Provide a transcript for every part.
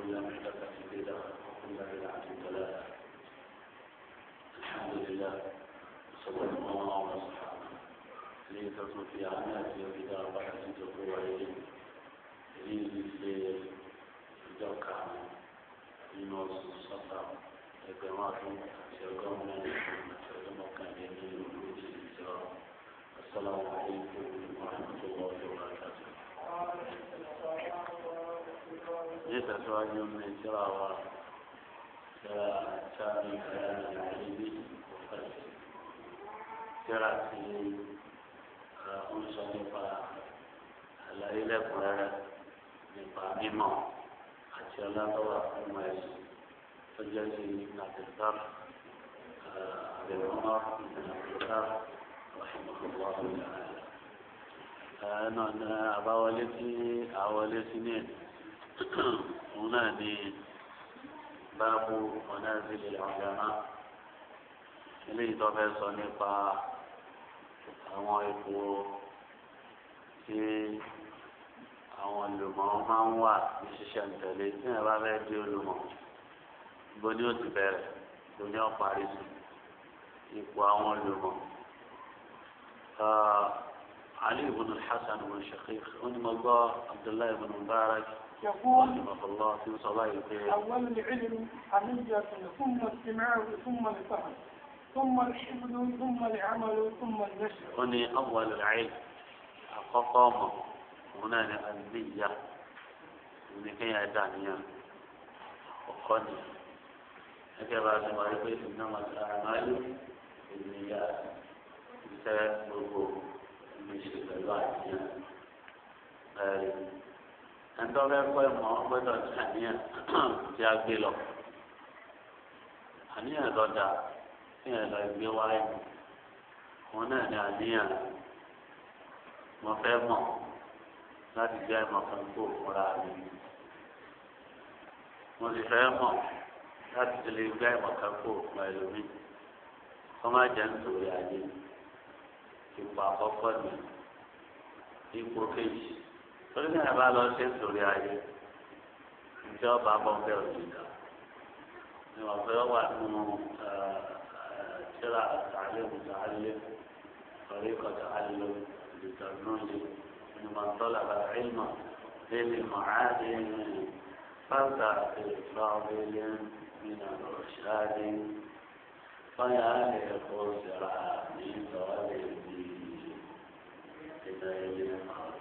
وكل محدثة بدعة وكل بدعة ضلالة الحمد لله وصلى الله على صحابه الذين في أعناقهم بدار بحث تقوى إليهم الذين في الدوكة لنوصل الصفر لقناتهم سيقومنا سيقومنا بيمين وجود الإسلام السلام عليكم ورحمة الله وبركاته. يتسواج من سراوة سرا شامي كلام العلمي وفرس سرا في أنصر على إلى قرارة nípa mímọ̀ àti ọlọ́tọ́wà fún ọmọ ẹ̀sìn tó jẹ́ sí nàìjíríà àbẹ̀wọ́mọ́ nàìjíríà ọ̀ṣunmọ̀lọ́wọ́ ọ̀ṣunmọ̀lọ́wọ́. ẹnu ọ̀nà àbáwọlé tí àwọlé sí ní ẹ̀sìn. òun náà ní báàbù mọ̀nàzìlì ọ̀gáná eléyìí tó fẹ́ sọ nípa àwọn ipò tí àwọn olùmọ̀ máa ń wà ní ṣíṣe ìtẹ̀lé tí wọ́n bá fẹ́ di olùmọ̀ bó ni ó ti bẹ̀rẹ̀ bó ni ó parí sí ipò àwọn olùmọ̀. علي بن الحسن بن شقيق ونمضى عبد الله بن مبارك يقول الله في صلاة أول العلم حمية ثم السماع ثم الفهم ثم الحفظ ثم العمل ثم النشر هنا أول العلم القطامة هنا النية من كي أدانيا وقني هكذا بعد ما يقول إنما الأعمال بالنيات بسبب الوجوه من شدة الوعي ẹ̀ńtọ́ fẹ́ kọ́ ìmọ̀ gbọ́dọ̀ ní àníyàn tí a gbé lọ. àníyàn lọ́dà tí ẹ̀ lọ gbé wáyé òun náà ní àníyàn mo fẹ́ mọ̀ láti jẹ́ ìmọ̀ kan kó fúnra mi. mo sì fẹ́ mọ̀ láti lè gbé ìmọ̀ kan kó fúnra ẹlòmíì kọ́ má jẹ́ nítorí ayé ipò àkọ́kọ́ ni ipò kejì. torí náà ẹ bá lọ ṣe ń torí ayé ìjọba bọ́ bẹ́ẹ̀ òjì dá ni wọ́n fẹ́ wà nínú tíra àtàlẹ́ mùtàlẹ́ torí kọjá àlẹ́ ìdùtàlóye ni wọ́n tọ́lá bá ìmọ̀ lẹ́nu mọ̀ádé fáńtà ìfọ̀wélé nínú ọ̀ṣáde fáyà ẹ̀kọ́ sẹ̀rà ní ìtọ́lẹ̀ bíi ìdáyẹlẹ́ àwọn.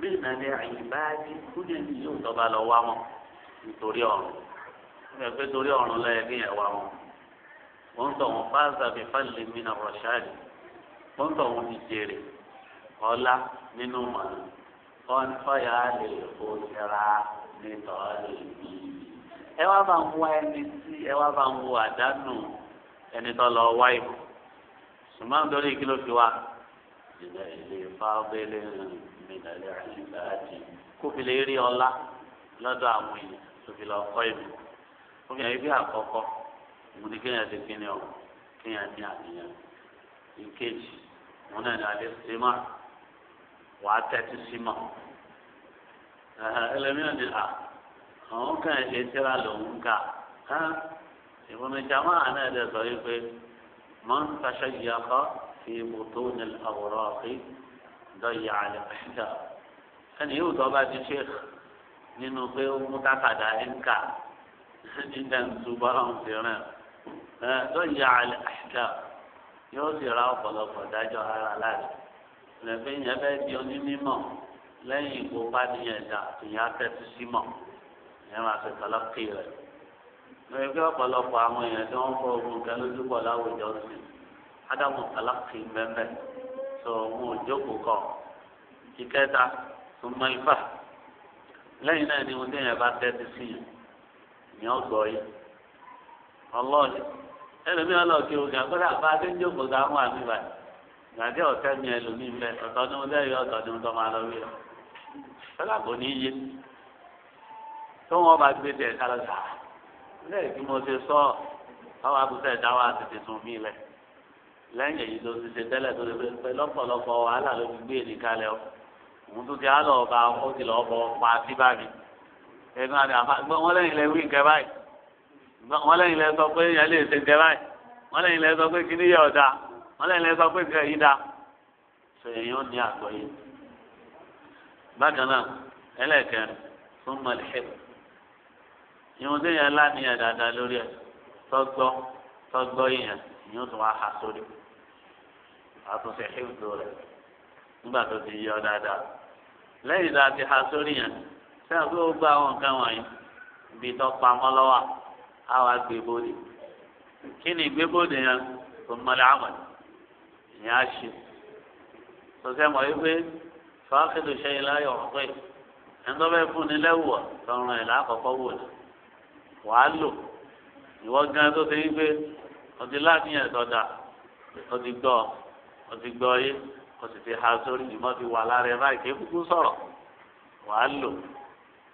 bí ìnàdí àyíbáàdì kúndé ní yóò tọ́ba lọ wá wọn nítorí ọ̀run ẹ pé torí ọ̀run lẹ́yìn kí yẹn wá wọn. wọ́n ń tọ̀wọ́n fáńsà bí fáńlẹ̀ mi náà rọ̀ṣáàdì wọ́n ń tọ̀wọ́n ti jèrè ọlá nínú mọ̀nà wọ́n fọyà lè kó jẹra nítorí mi. ẹ wá bá ń wá ẹni tí ẹ wá bá ń wo àdánù ẹni tó lọ wá ìbò ṣùgbọ́n torí kí ló fi wá ìlẹ̀ ìlẹ̀ fáwọn bẹ́ẹ̀ lẹ́yìn kó fi lè rí ọlá lọ́dọ̀ àwọn èèyàn tó fi lọ kọ́ ìlú ó fi hàn yín bí àkọ́kọ́ òun ni kéèyàn ti kíni ọ kéèyàn ní àníyàn ìkejì òun náà ní alẹ́ símà wàá tẹ́tí símà ẹlẹ́mìíràn ni à àwọn kan ṣe tíra lòun kà ìbùnú jama náà dẹ̀ sọ yìí pé mọ́n taṣẹ́ yìí akọ́ fi mọ́tò ní àwòrán ọ̀fìn dọ̀yà àlẹ́ pẹ̀lú ẹni yóò tọ́ bá ti ṣe nínú pé ó mú tákàdá ẹ̀ńkà nígbà ńsúbọ̀ ọ̀hún ti rìn ẹ̀ tó yẹ àlẹ́ àṣà yóò sì ra ọ̀pọ̀lọpọ̀ dájọ́ ara láti lẹ́gbẹ́ yẹn bẹ́ẹ̀ di onímọ̀ lẹ́yìn ìkópa nìyẹn dà ìyẹn akẹ́tù símọ̀ ìyẹn máa ṣe kọlọ́kì rẹ̀ lórí pé ọ̀pọ̀lọpọ̀ àwọn èèyàn tí wọ́n fọ́ ogun kan lójúbọ̀ láwùjọ sí ádámù kọlọ́kì mẹ́mẹ́ sọ òun ò jókòó kọ́ ìkẹta. ثم الفهم لين أن يودينا بعد تسين يوصي الله ẹlòmíì ọlọ́ọ̀kì ogun àgbọ̀dọ̀ àbáadé ń jókòó mi ẹlòmíì mbẹ ọ̀tọ̀ ni mo lẹ́yìn ọ̀tọ̀ ni mo tọ́ máa ọ. sọ́dà kò ní yé tó wọn bá gbé tẹ̀ ká lọ sà lẹ́yìn òun tó ti á lọ bá ó ti lọ bọ pa sí báyìí ẹnu àti àfa gbọ́ wọ́n lẹ́yìn lẹ wí nǹkan báyìí wọ́n lẹ́yìn lẹ sọ pé yẹn lè ṣe nǹkan báyìí wọ́n lẹ́yìn lẹ sọ pé kíní yẹ ọ̀dà wọ́n lẹ́yìn lẹ sọ pé nǹkan yìí da ṣe èèyàn ní àgbọ̀ yìí. bákan náà ẹlẹ́kẹ̀rin fún mọ̀lẹ́hìn ìhun tó yẹn lánìyàn dáadáa lórí ẹ̀ tọ́gbọ́ tọ́gbọ́ yẹn ìhun tó wá ha sórí àtúnṣe hìbìtì rẹ̀ nígbà tó ti yọ dáadáa lẹ́yìn tá a ti ha sórí yẹn sẹ́yìn tó gbọ́ àwọn nǹkan wọ̀nyí ibi tó pamọ́ lọ́wọ́ á wá gbé bóde kí ni ìgbé bóde yẹn tó mọ́lẹ̀ àmọ́ ìyẹn á ṣe sọ́sẹ́ mọ̀ wípé fàákìlù ṣẹyìn láyọ̀ ọ̀pẹ́ ẹni tó bẹ́ẹ̀ fún ni lẹ́wọ̀ tọrùn ẹ̀ lákọ̀ọ́kọ́ wò ni wàá lò ìwọ gan tó ti wípé ọtí láti yẹn tọ́ da gbọ́ ọtí gbọ́ yé kó sì fi ha sórí ìmọ̀ ti wà lára ẹ báyìí kí kúkú sọ̀rọ̀ wàá lò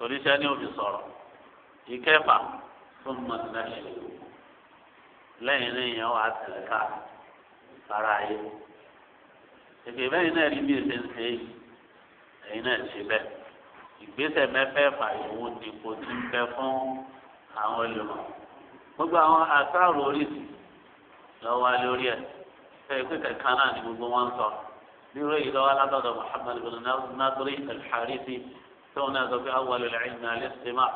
oníṣẹ́ ní òbí sọ̀rọ̀ ìkẹfà fún mọ̀tìlẹ́sì lẹ́yìn náà yẹn wàá tẹ̀lé ká sára ayé èké bẹ́ẹ̀ náà rí bí èsè ń ṣe ẹ̀yin náà ṣe bẹ́ẹ̀ ìgbésẹ̀ mẹ́fẹ̀ẹ̀fà ìwọ̀n dìbò ti ń bẹ fún àwọn olùmọ̀ gbogbo àwọn àṣàrò oríṣi lọ́wọ́ lórí ẹ̀ fẹ́ẹ́ pé kẹ̀kẹ́ náà ni gbogbo wọn ń sọ. ليرى إذا على محمد بن نضري الحارثي tóun sọ pé awo alẹ́ lẹ́yìn náà lè ṣe máa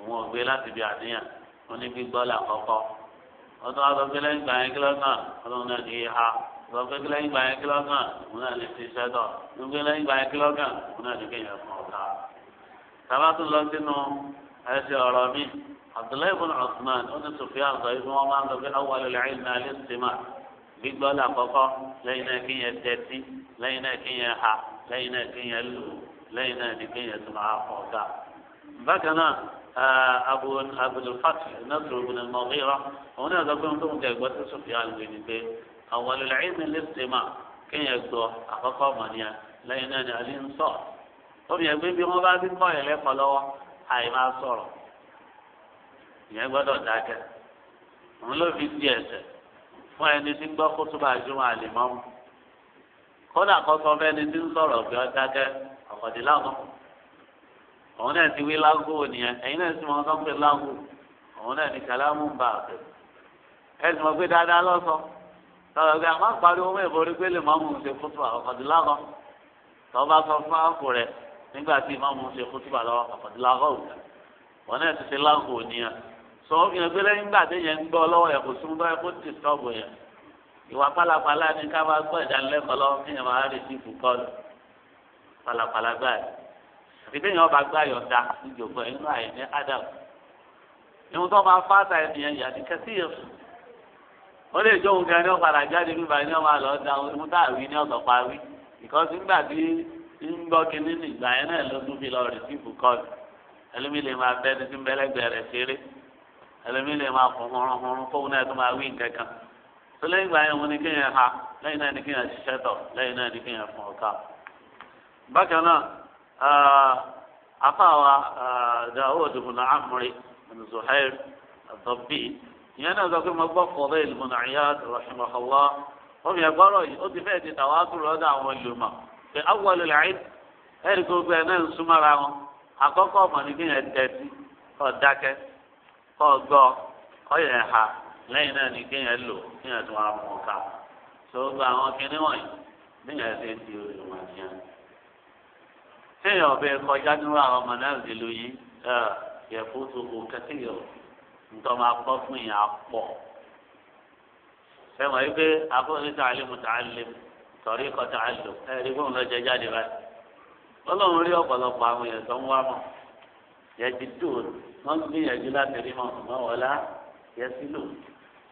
òun ọ̀gbẹ́ láti bí àdéhàn wọn ní gbígbọ́ là kọ́kọ́ wọn tó wá sọ pé lẹ́yìn gbàyẹn kílọ̀ náà ọlọ́run náà ní ha sọ pé lẹ́yìn gbàyẹn kílọ̀ náà òun náà lè ṣe iṣẹ́ tọ̀ wọn pé lẹ́yìn gbàyẹn kílọ̀ náà òun náà ní kéèyàn fún ọ̀tá. sábà tó lọ sínú ẹsẹ̀ ọ̀rọ̀ mi Abdullahi ibn Usman ó ní sùfìyàn sọ gbígbọ́ là kọ́kọ́ lẹ́yìn náà kí yẹn tẹ́tí lẹ́yìn náà kí yẹn ha lẹ́yìn náà kí yẹn lù lẹ́yìn náà ni kí yẹn tó máa fọ́ ọ̀gá. bákan náà eh, abu abdulfati nasir ibn al-mughira òun náà gbàgbé ohun tó ń tẹ̀gbọ́ tó sùn fi àlùwé ni pé àwọn olùlàyé mi lè kí yẹn gbọ́ àkọ́kọ́ mọ̀ lẹ́yìn náà ni alí ń sọ̀ obìnrin gbé bí wọ́n bá ti kọ́ yẹn lẹ́kọ̀ọ́ lọ́wọ́ fún ẹni tí ń gbọ́ kó túbà jùmọ̀ àlìmọ́mù kódà kó sọ fẹ́ni tí ń sọ̀rọ̀ pé ọ dákẹ́ ọ̀kọ̀dínláàgọ́ òun náà ti wí lágò nìyẹn ẹ̀yin náà sì mọ ọsán pé lágò òun náà ní kàlámù ń bà àbẹ̀ ẹ sì mọ pé dáadáa lọ́sọ sọ̀rọ̀ pé àmọ́ pariwo mọ́ ìborí pé lè mọ́mù ṣe kútùbà ọ̀kọ̀dínláàgọ́ tọ́ba sọ fún àkù rẹ̀ nígbà tí mọ́mù ṣe kútùbà lọ́wọ́ ọ̀kọ̀dínláàgọ́ òun náà ti ṣe lágò nìyẹn sọ fi hàn pé lẹ́yìn gbà téèyàn ń gbọ́ lọ́wọ́ yẹn kò sún bá yẹn kó ti sọ́ọ̀bù yẹn ìwà pálapàla ni ká máa gbọ́ ìdánilẹ́kọ̀ọ́ lọ́wọ́ kí yẹn máa rí sífù kọ́ọ̀lù pálapàla gbà yẹn àti téèyàn ọba gbà yọ̀ da ìjòkó ẹ̀ nínú àyè ní adam ìwọ́n tó máa fáta ẹ̀ nìyẹn yàtí kẹsí yẹn sùn ó lè jó oúnjẹ ní ọ̀padà jáde bíbá ní ọmọ àlọ́ da ohun tá a wí ní ọ̀sọ̀ parí ìkọ́sí ńgbà tí ń gbọ́ kinní nìgbà yẹn náà ló tún fi lọ rí sífù kọ́ọ̀lù ẹlòmíì lè máa bẹ́ni sí mbẹ́lẹ́gbẹ̀rẹ̀ ṣeré ẹlẹ́mí lè máa fún hurun hurun fóun náà tó máa wí nǹkan kan tó lẹ́yìn ìgbà yẹn wọn ni kéèyàn ha lẹ́yìn náà ni kéèyàn ṣiṣẹ́ tọ̀ lẹ́yìn náà ni kéèyàn fún ọ̀ka. bákan náà ah, afáwa ah, Dawud ibn Amri Zuhair àtọ́bí ìyẹn náà sọ pé mo gbọ́ kọ̀ọ̀lẹ́ ìlú nàìjíríà rahimahullah wọ́n fi yìí ó ti di àwọn pé náà ń súnmọ́ra wọn àkọ́kọ́ kọ́ gbọ́ ọyẹ ha lẹ́yìn náà ni kéèyàn lò kéèyàn tún wá mú ká tó gba àwọn níyàn kọjá nínú àwọn ọmọ náà ntọ́ máa gbọ́ fún sẹ́wọ̀n yìí pé alim. kọ́ ẹ̀rí ọlọ́run rí ọ̀pọ̀lọpọ̀ àwọn ń wá wọ́n gbìyànjú láti rí mọ̀ ṣùgbọ́n wọ́n lá yẹ sí lò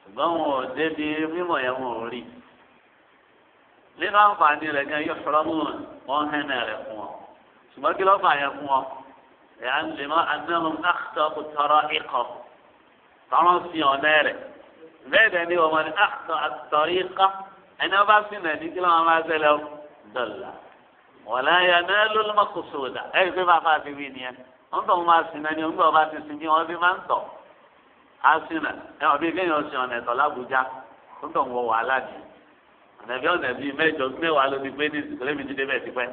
ṣùgbọ́n wọn ò débi mímọ̀ yẹn wọn ò rí nínú àǹfààní rẹ̀ gan yóò fọlọ́ mú wọn hẹ́nà rẹ̀ fún wọn ṣùgbọ́n kí lọ́ọ́ fà yẹn fún wọn ẹ̀yà ń lè mọ́ anáhùn àkùtọ̀ kò tọrọ ikọ̀ tọrọ sí ọ̀nà rẹ̀ bẹ́ẹ̀ dẹ̀ ni ọmọ ní àkùtọ̀ àtọ̀rí ikọ̀ ẹni ọba sí nà ní kí lọ́wọ́ máa ṣẹlẹ̀ dọ̀là wọ̀lá yẹn náà ló lọ́mọ kò sódà ẹ̀ wọn tọ̀ wọn máa wọn bá ti sin bí wọn bí máa ń tọ̀ á ẹ wọ́n bí kéèyàn sin ọ̀nà ẹ̀tọ́ lábújá wọn wọn ọ̀nà bí ọ̀nà bí ló ti pé ní ìsìnkú ti débẹ̀ tipẹ́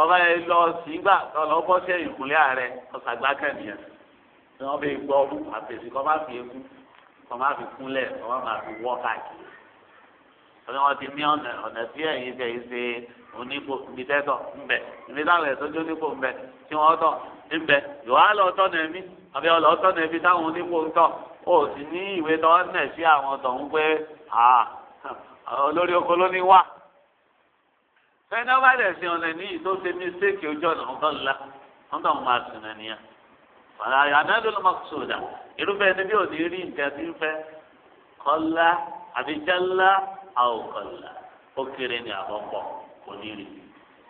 ọba yẹn lọ sí gbà lọ bọ́ sí ààrẹ ọ̀sàgbà ni fi ekú kọ́ máa fi kúnlẹ̀ kọ́ máa ọ̀nà wọn ti ní ọ̀nà ọ̀nà tí ẹ̀yin tẹ̀ yín ṣe onípò níbi tẹ́tọ̀ ńbẹ níbi táwọn ẹ̀sọ́ tó nípò ńbẹ tí wọ́n tọ̀ ńbẹ yòówá lọ tọ́ nà ẹ̀mí àbí ọ̀lọ́ tọ́ nà ẹ̀mí táwọn onípò ń tọ̀ ó sì ní ìwé tọ́ nà sí àwọn tọ̀hún pé olórí oko ló ní wà. fẹ́ni ọba dẹ̀ sí ọ̀nà ní ìtó ṣe mistake ojú ọ̀nà ọ̀kan ńlá wọ́n àwòkọ̀là ó kéré ní àkọ́kọ́ onírì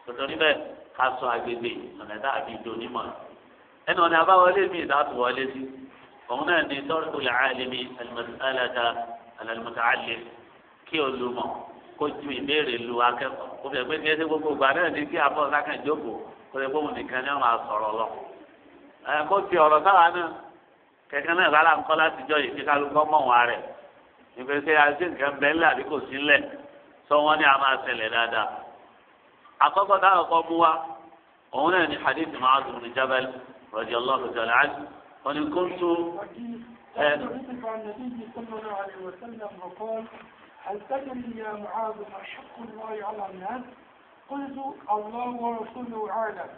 tuntun níbẹ̀ ká sọ agbègbè ọ̀nà tá a fi do onímọ̀ ẹnu ọ̀nà àbáwọlé mi ìdátùwọlé sí òun náà ní tọ́lùkù làálẹ́mi alimọ̀tàlẹ́ta alimọ̀tàlẹ́ kí olùmọ̀ kó ju ìbéèrè lu akẹ́kọ̀ọ́ kó fẹ́ pé ní ẹsẹ̀ gbogbo gbà náà ní kí abọ́ sákàn jókòó kó lè gbóhùn nìkan ní ọ̀rọ̀ àsọ̀rọ̀ lọ. kó fi ọ̀rọ̀ sáwa náà kẹ̀kẹ́ náà rárá ńkọ́ láti jọ ìfikálukọ́ mọ̀ rẹ̀ ìgbésẹ̀ àti nǹkan bẹ́ẹ̀ ńlá àbí kò sí ńlẹ̀ sọ wọ́n ní a máa ṣẹlẹ̀ dáadáa. àkọ́kọ́ táwọn kọ́ mú wa òun náà ní hadith Mu'adh bin Jabal radiyallahu ta'ala anhu wọ́n ní kóńtó. هل تدري يا معاذ ما حق الله على الناس؟ قلت الله ورسوله اعلم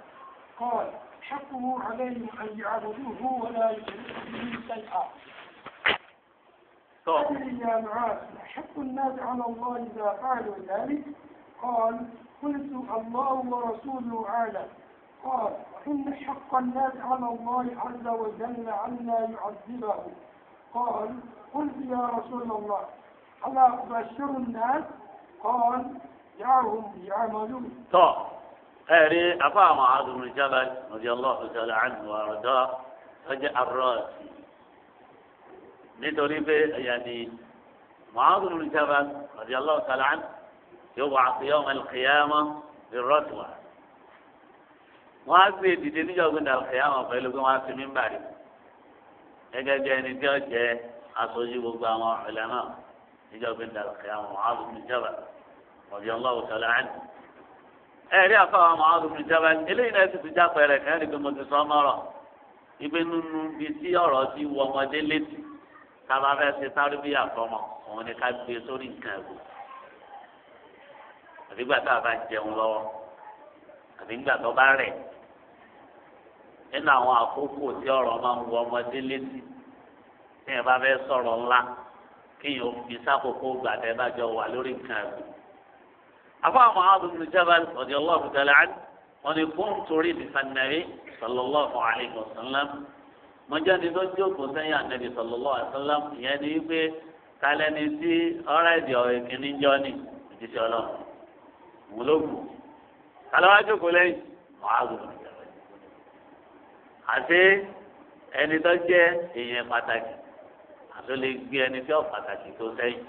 قال حقه عليهم ان يعبدوه ولا يشركوا به شيئا هذه يا معاذ أحق الناس على الله إذا فعلوا ذلك قال قلت الله ورسوله أعلم قال إن حق الناس على الله عز وجل عنا يعذبه قال قلت يا رسول الله ألا أبشر الناس قال دعهم يعملون طيب هذه أفا معاذ بن جبل رضي الله تعالى عنه وأرضاه فجاء الراسي nítorí pé yàtì muhammed bin jabal radi allahu ta'ala an yóò wà sí yawm al-qiyamah bí rọtùwà wọn á sì dìde níjọba ní al-qiyamah pẹ̀lú pé wọn á sì mí bàrí gẹ́gẹ́ bí ẹni tí ó jẹ aṣojú gbogbo àwọn ulama níjọba ní al-qiyamah muhammed bin jabal radi ẹ̀rí àfọwọ́ ibi nínú bíi tí ọ̀rọ̀ ti wọ ọmọdé létí tába fẹ́ ṣe tárúbíyà fọmọ òun ni ká gbé sórí nǹkan ẹ̀wò àbígbà tá a bá jẹun lọ́wọ́ àbígbà tó bá rẹ̀ nínú àwọn àkókò tí ọ̀rọ̀ máa ń wọ ọmọdé létí tí ẹ bá fẹ́ sọ̀rọ̀ ńlá kéèyàn ó fi sákòókò gbà tẹ́ bá jọ wà lórí nǹkan ẹ̀wò. afọ àwọn àdúgbò ìjọba ọ̀dẹ̀ ọlọ́ọ̀fù tẹ̀lé wọn ni kóńtórì nìfànàrí sọlọ́lọ́ọ̀fù àlẹ́ ìgbọ̀nsán lẹ́mú mọ̀jáde tó jókòó sẹ́yìn ànábì sallallahu alaihi wasallam ìyẹn ni wípé kálẹ́ni tí ọ̀rọ̀ èdè ọ̀rọ̀ ìkíní jọ ni ìdíṣẹ́ ọlọ́run wò ló kù kálọ́ wá jókòó lẹ́yìn mọ́àlù àti ẹni tó jẹ́ èèyàn pàtàkì àti ó lè gbé ẹni tí ó pàtàkì tó sẹ́yìn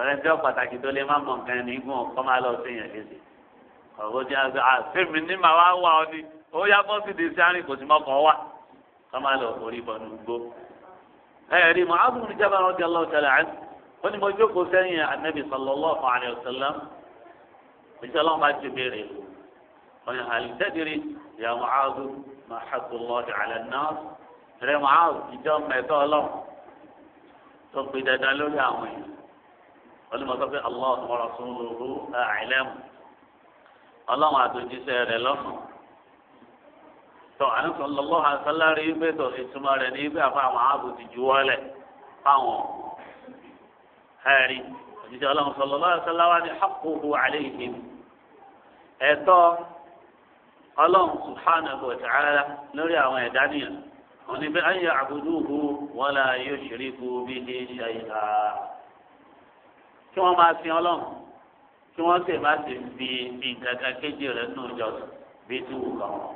ọ̀rẹ́ tí ó pàtàkì tó lè má mọ̀ nǹkan ẹni gùn ọ̀kọ́ máa lọ sí èèyàn léṣe ọ̀rọ̀ tí a sọ ní màá wá wà ọ ni ó yá bọ́ sí di sáré kò sí mọ́kàn wá ká máa lọ orí bọ́nú gbó. ẹ rí Mu'adh bin Jabal radiyallahu ta'ala anhu ó ní mo jókòó sẹ́yìn anabi sallallahu alayhi wa sallam ìṣẹ́ ọlọ́run bá ti béèrè ọ̀nà àlìtẹ́dìrì ya Mu'adh ma haqqullahi ala an-nas rẹ Mu'adh ìjọ mẹ́tọ́ ọlọ́run tó pe dandan lórí àwọn èèyàn wọ́n ní mo sọ pé Allahu wa rasuluhu a'lam ọlọ́run àtòjíṣẹ́ rẹ̀ lọ́sùn. tọ ala sọlọ ha hàn sọlá rí pé tọ ní àfa àwọn ààbò ti ju wọlé fáwọn ní àléhìn lórí àwọn nìyẹn wọn ni pé ayé àbùdúhu wọn là yóò ṣeré kú bí ní ṣayíha kí wọn máa sin kí wọn sì máa sì fi nǹkan kan kéjì nù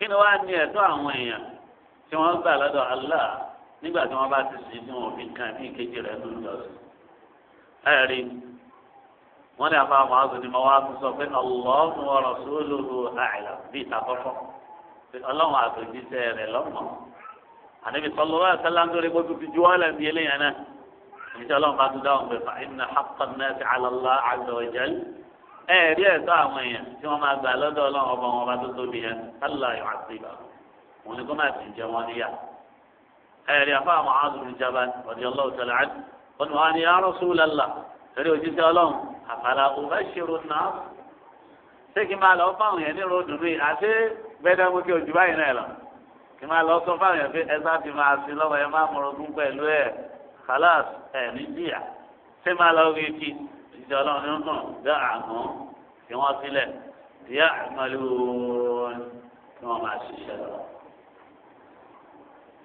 kí ni wàá ní ẹ̀tọ́ àwọn èèyàn tí wọ́n gbà lọ́dọ̀ Allah nígbà tí wọ́n bá ti sìn ní òfin kan ní ìkejì rẹ̀ ló ń lọ sí. ẹ̀rí wọ́n ní àfa àwọn àgùn ni mo wá sọ pé Allahu wa rasuluhu a'lam bíi ìtàkọ́kọ́ pé ọlọ́run àtòjíṣẹ́ rẹ̀ lọ́mọ́ àdébí sọlọ wá sálá ń dórí kó tó fi ju wọ́n lẹ́nu yẹlẹ́yìn náà ìṣẹ́ ọlọ́run bá tún dáhùn pé fa inna ẹ rí ẹ̀tọ́ àwọn èèyàn tí wọ́n máa gbà lọ́dọ̀ ọlọ́run ọba wọn bá tó tóbi yẹn kálá yọ àti ìgbà wọn ni kó má sì jẹ wọn níyà ẹ rí afọ àwọn azùnrin jaba ọdí ọlọ́run tẹlẹ àti wọn wà ní arọsúlẹlà torí òjíṣẹ́ ọlọ́run àfàlà òbá ṣèrò náà ṣé kí n máa lọ fáwọn yẹn ní ròdù mi àti gbẹdẹmú kí ojú báyìí náà lọ kí n má ìjọ ọlọ́run ní ọ̀nà dá àgán tí wọ́n sílẹ̀ ìyá àmàlú tí wọ́n máa ṣiṣẹ́ lọ.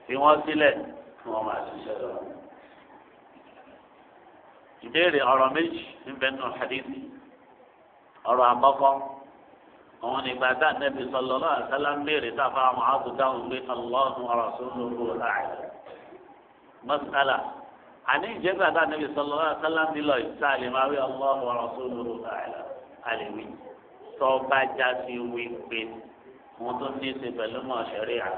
tí wọ́n sílẹ̀ tí wọ́n máa ṣiṣẹ́ lọ. ìbéèrè ọ̀rọ̀ méjì ń bẹ nínú hadithi ọ̀rọ̀ àkọ́kọ́ àwọn nígbà tá nẹ́bi sọlọ lọ́wọ́ àtàlà ń béèrè táfà àwọn àbùdáhùn gbé ọlọ́run ọ̀rọ̀ sóńdó kúrò láàyè. mọ́sálà àní ìjẹgbà tá a nẹbi sọlọ wà sálámì lọ ìta lè máa wí ọlọ́run ọ̀rọ̀ tó lòrò àìlà àlèwì tọ́ba já sí wípé wọn tó ní í ṣe pẹ̀lú mọ̀ ṣẹ̀rí à.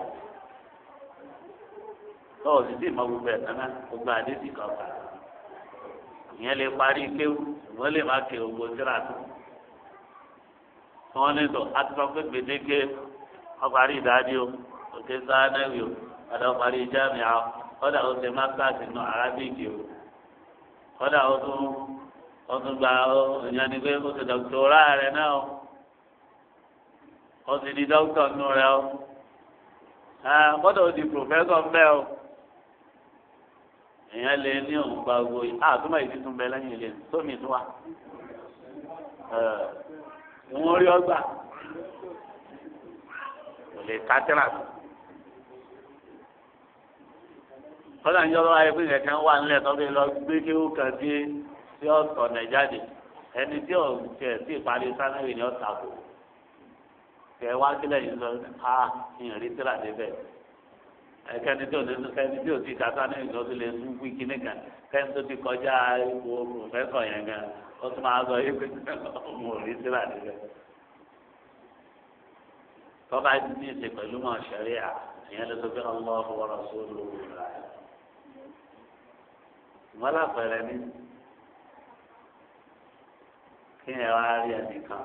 lọ́wọ́ sì sì mọ gbogbo ẹ̀ nánà gbogbo àdéhùn kan pa. ìyẹn lè parí kéwù ìwọ́n lè má ké gbogbo síra tó. wọ́n ní sọ atúpọ̀pẹ́ gbèdéke ọparí ìdájọ́ òkè sáà náà wíwò ọ̀dọ̀ parí jáàmì àwọn kọ́dà ó ṣe masters nù arabic o kọ́dà ó tún ó tún gba ìyanni pé ó ṣe dọ̀kítọ́rà rẹ̀ náà o ó sì di dókítà nù rẹ̀ o kọ́dà ó di professor mbẹ́ o èèyàn lè ní òun gba gbogbo yìí àtúmọ̀ yìí tuntun bẹ lẹ́yìn ilé tómi tún wa ìwọ̀n orí ọgbà kò lè ká tẹ́lá tó. kọ́lá ń yọ̀rọ̀ ayé pé kẹ̀kẹ́ wà nílẹ̀ tó lọ gbé kí ó kàn dé sí ọ̀tọ̀ nàìjáde ẹni tí ò tẹ̀ sí ìparí sánáwì ni ó tako kẹ̀ wá sílẹ̀ yìí lọ a ìrìn tíra débẹ̀ ẹ̀kẹ́ni tí ò ní kẹ́ni tí ò ti ka sánáwì lọ sí lè tún wí kíní kan kẹ́ni tó ti kọjá ipò pòfẹ́sọ̀ yẹn gan ó tún máa sọ yìí pé mo rí tíra débẹ̀ tọ́ba ní ìsìn pẹ̀lú mọ̀ ṣẹ́ríà ìyẹn ló tó fi ọlọ́ọ̀bù ọ̀rọ̀ sóòlù rẹ̀ ṣùgbọ́n lápẹẹrẹ ní kí ẹ wá rí ẹnìkan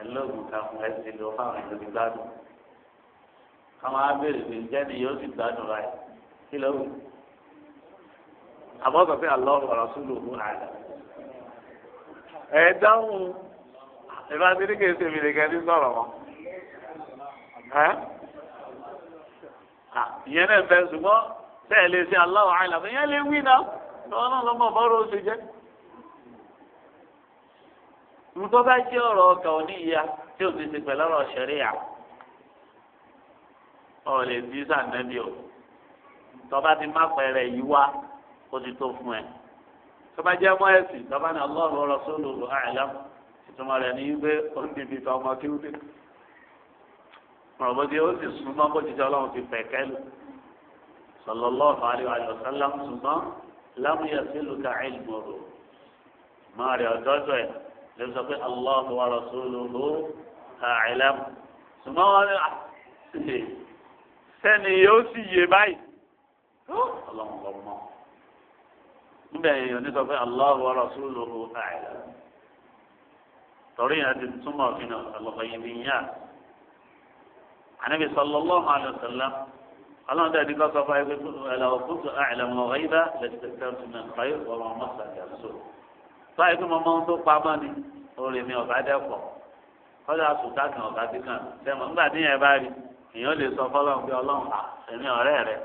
ẹ lóògùn kan fún ẹ sì lọ fáwọn ẹni tó gbádùn káwọn á béèrè pé ǹjẹ́ ni yóò sì gbádùn rà yìí kí ló wù àmọ́ sọ pé àlọ́ ọ̀rọ̀ sùn lòun àlà ẹ dáhùn ìbáṣe ní kí n ṣe mi nìkan ní sọ̀rọ̀ wọn ìyẹn náà bẹ ṣùgbọ́n bẹ́ẹ̀ lè ṣe aláwọ̀ àìlà yẹn lè wí náà lọ́wọ́ náà lọ́mọ bọ́rọ̀ oṣù jẹ́. nǹkan bá jẹ́ ọ̀rọ̀ ọkà oníyà tí ò ti ti pẹ̀lú ọ̀rọ̀ ṣẹ̀ríyà ọ̀rọ̀ lè di sàǹdẹ́bí o tọ́ba ti má pẹ̀rẹ̀ yìí wá ó ti tó fún ẹ. tọ́ba jẹ́ mọ́ ẹ̀sìn tọ́ba ní ọlọ́run ọ̀rọ̀ sólò àìlám ìtumọ̀ rẹ̀ ní wípé ó ti fi tọ́ ọmọ kí wípé ọ̀rọ̀bọ̀dé ó sì súnmọ́ bó ti tẹ́ ọlọ́run ti pẹ̀kẹ́ lù sallallahu alaihi wa sallam lámúyẹ sílùú ká ìlmọ̀rò máa rẹ̀ ọ̀dọ́dọ̀ ẹ̀ lè sọ pé Allahu wa rasuluhu àìlẹ́mù ṣùgbọ́n wọn ní sẹ́ni yóò sì yé báyìí ọlọ́run lọ́mọ́ níbẹ̀ èèyàn ní sọ pé Allahu wa rasuluhu àìlẹ́mù torí yẹn ti túmọ̀ kí ni ọ̀sán yìí bí yá ànábì sallallahu alaihi wasallam ọlọ́run tẹ̀lé kọ́ sọ fún ẹgbẹ́ ẹ̀là òkúta àìlẹ̀mọ̀ ọ̀gáyídá lẹ́sítẹ́tẹ́tìmẹ̀ fàyè ọ̀rọ̀ mọ́sà yàtọ̀. báyìí pé mo máa ń tó pamọ́ ni orí mi ọ̀gá dẹ́pọ̀ kọ́dà sùtá kan ọ̀gá díkan tẹ̀mọ̀ nígbà tí yẹn bá rí èèyàn lè sọ fọlọ́run pé ọlọ́run à ẹ̀mí ọ̀rẹ́ rẹ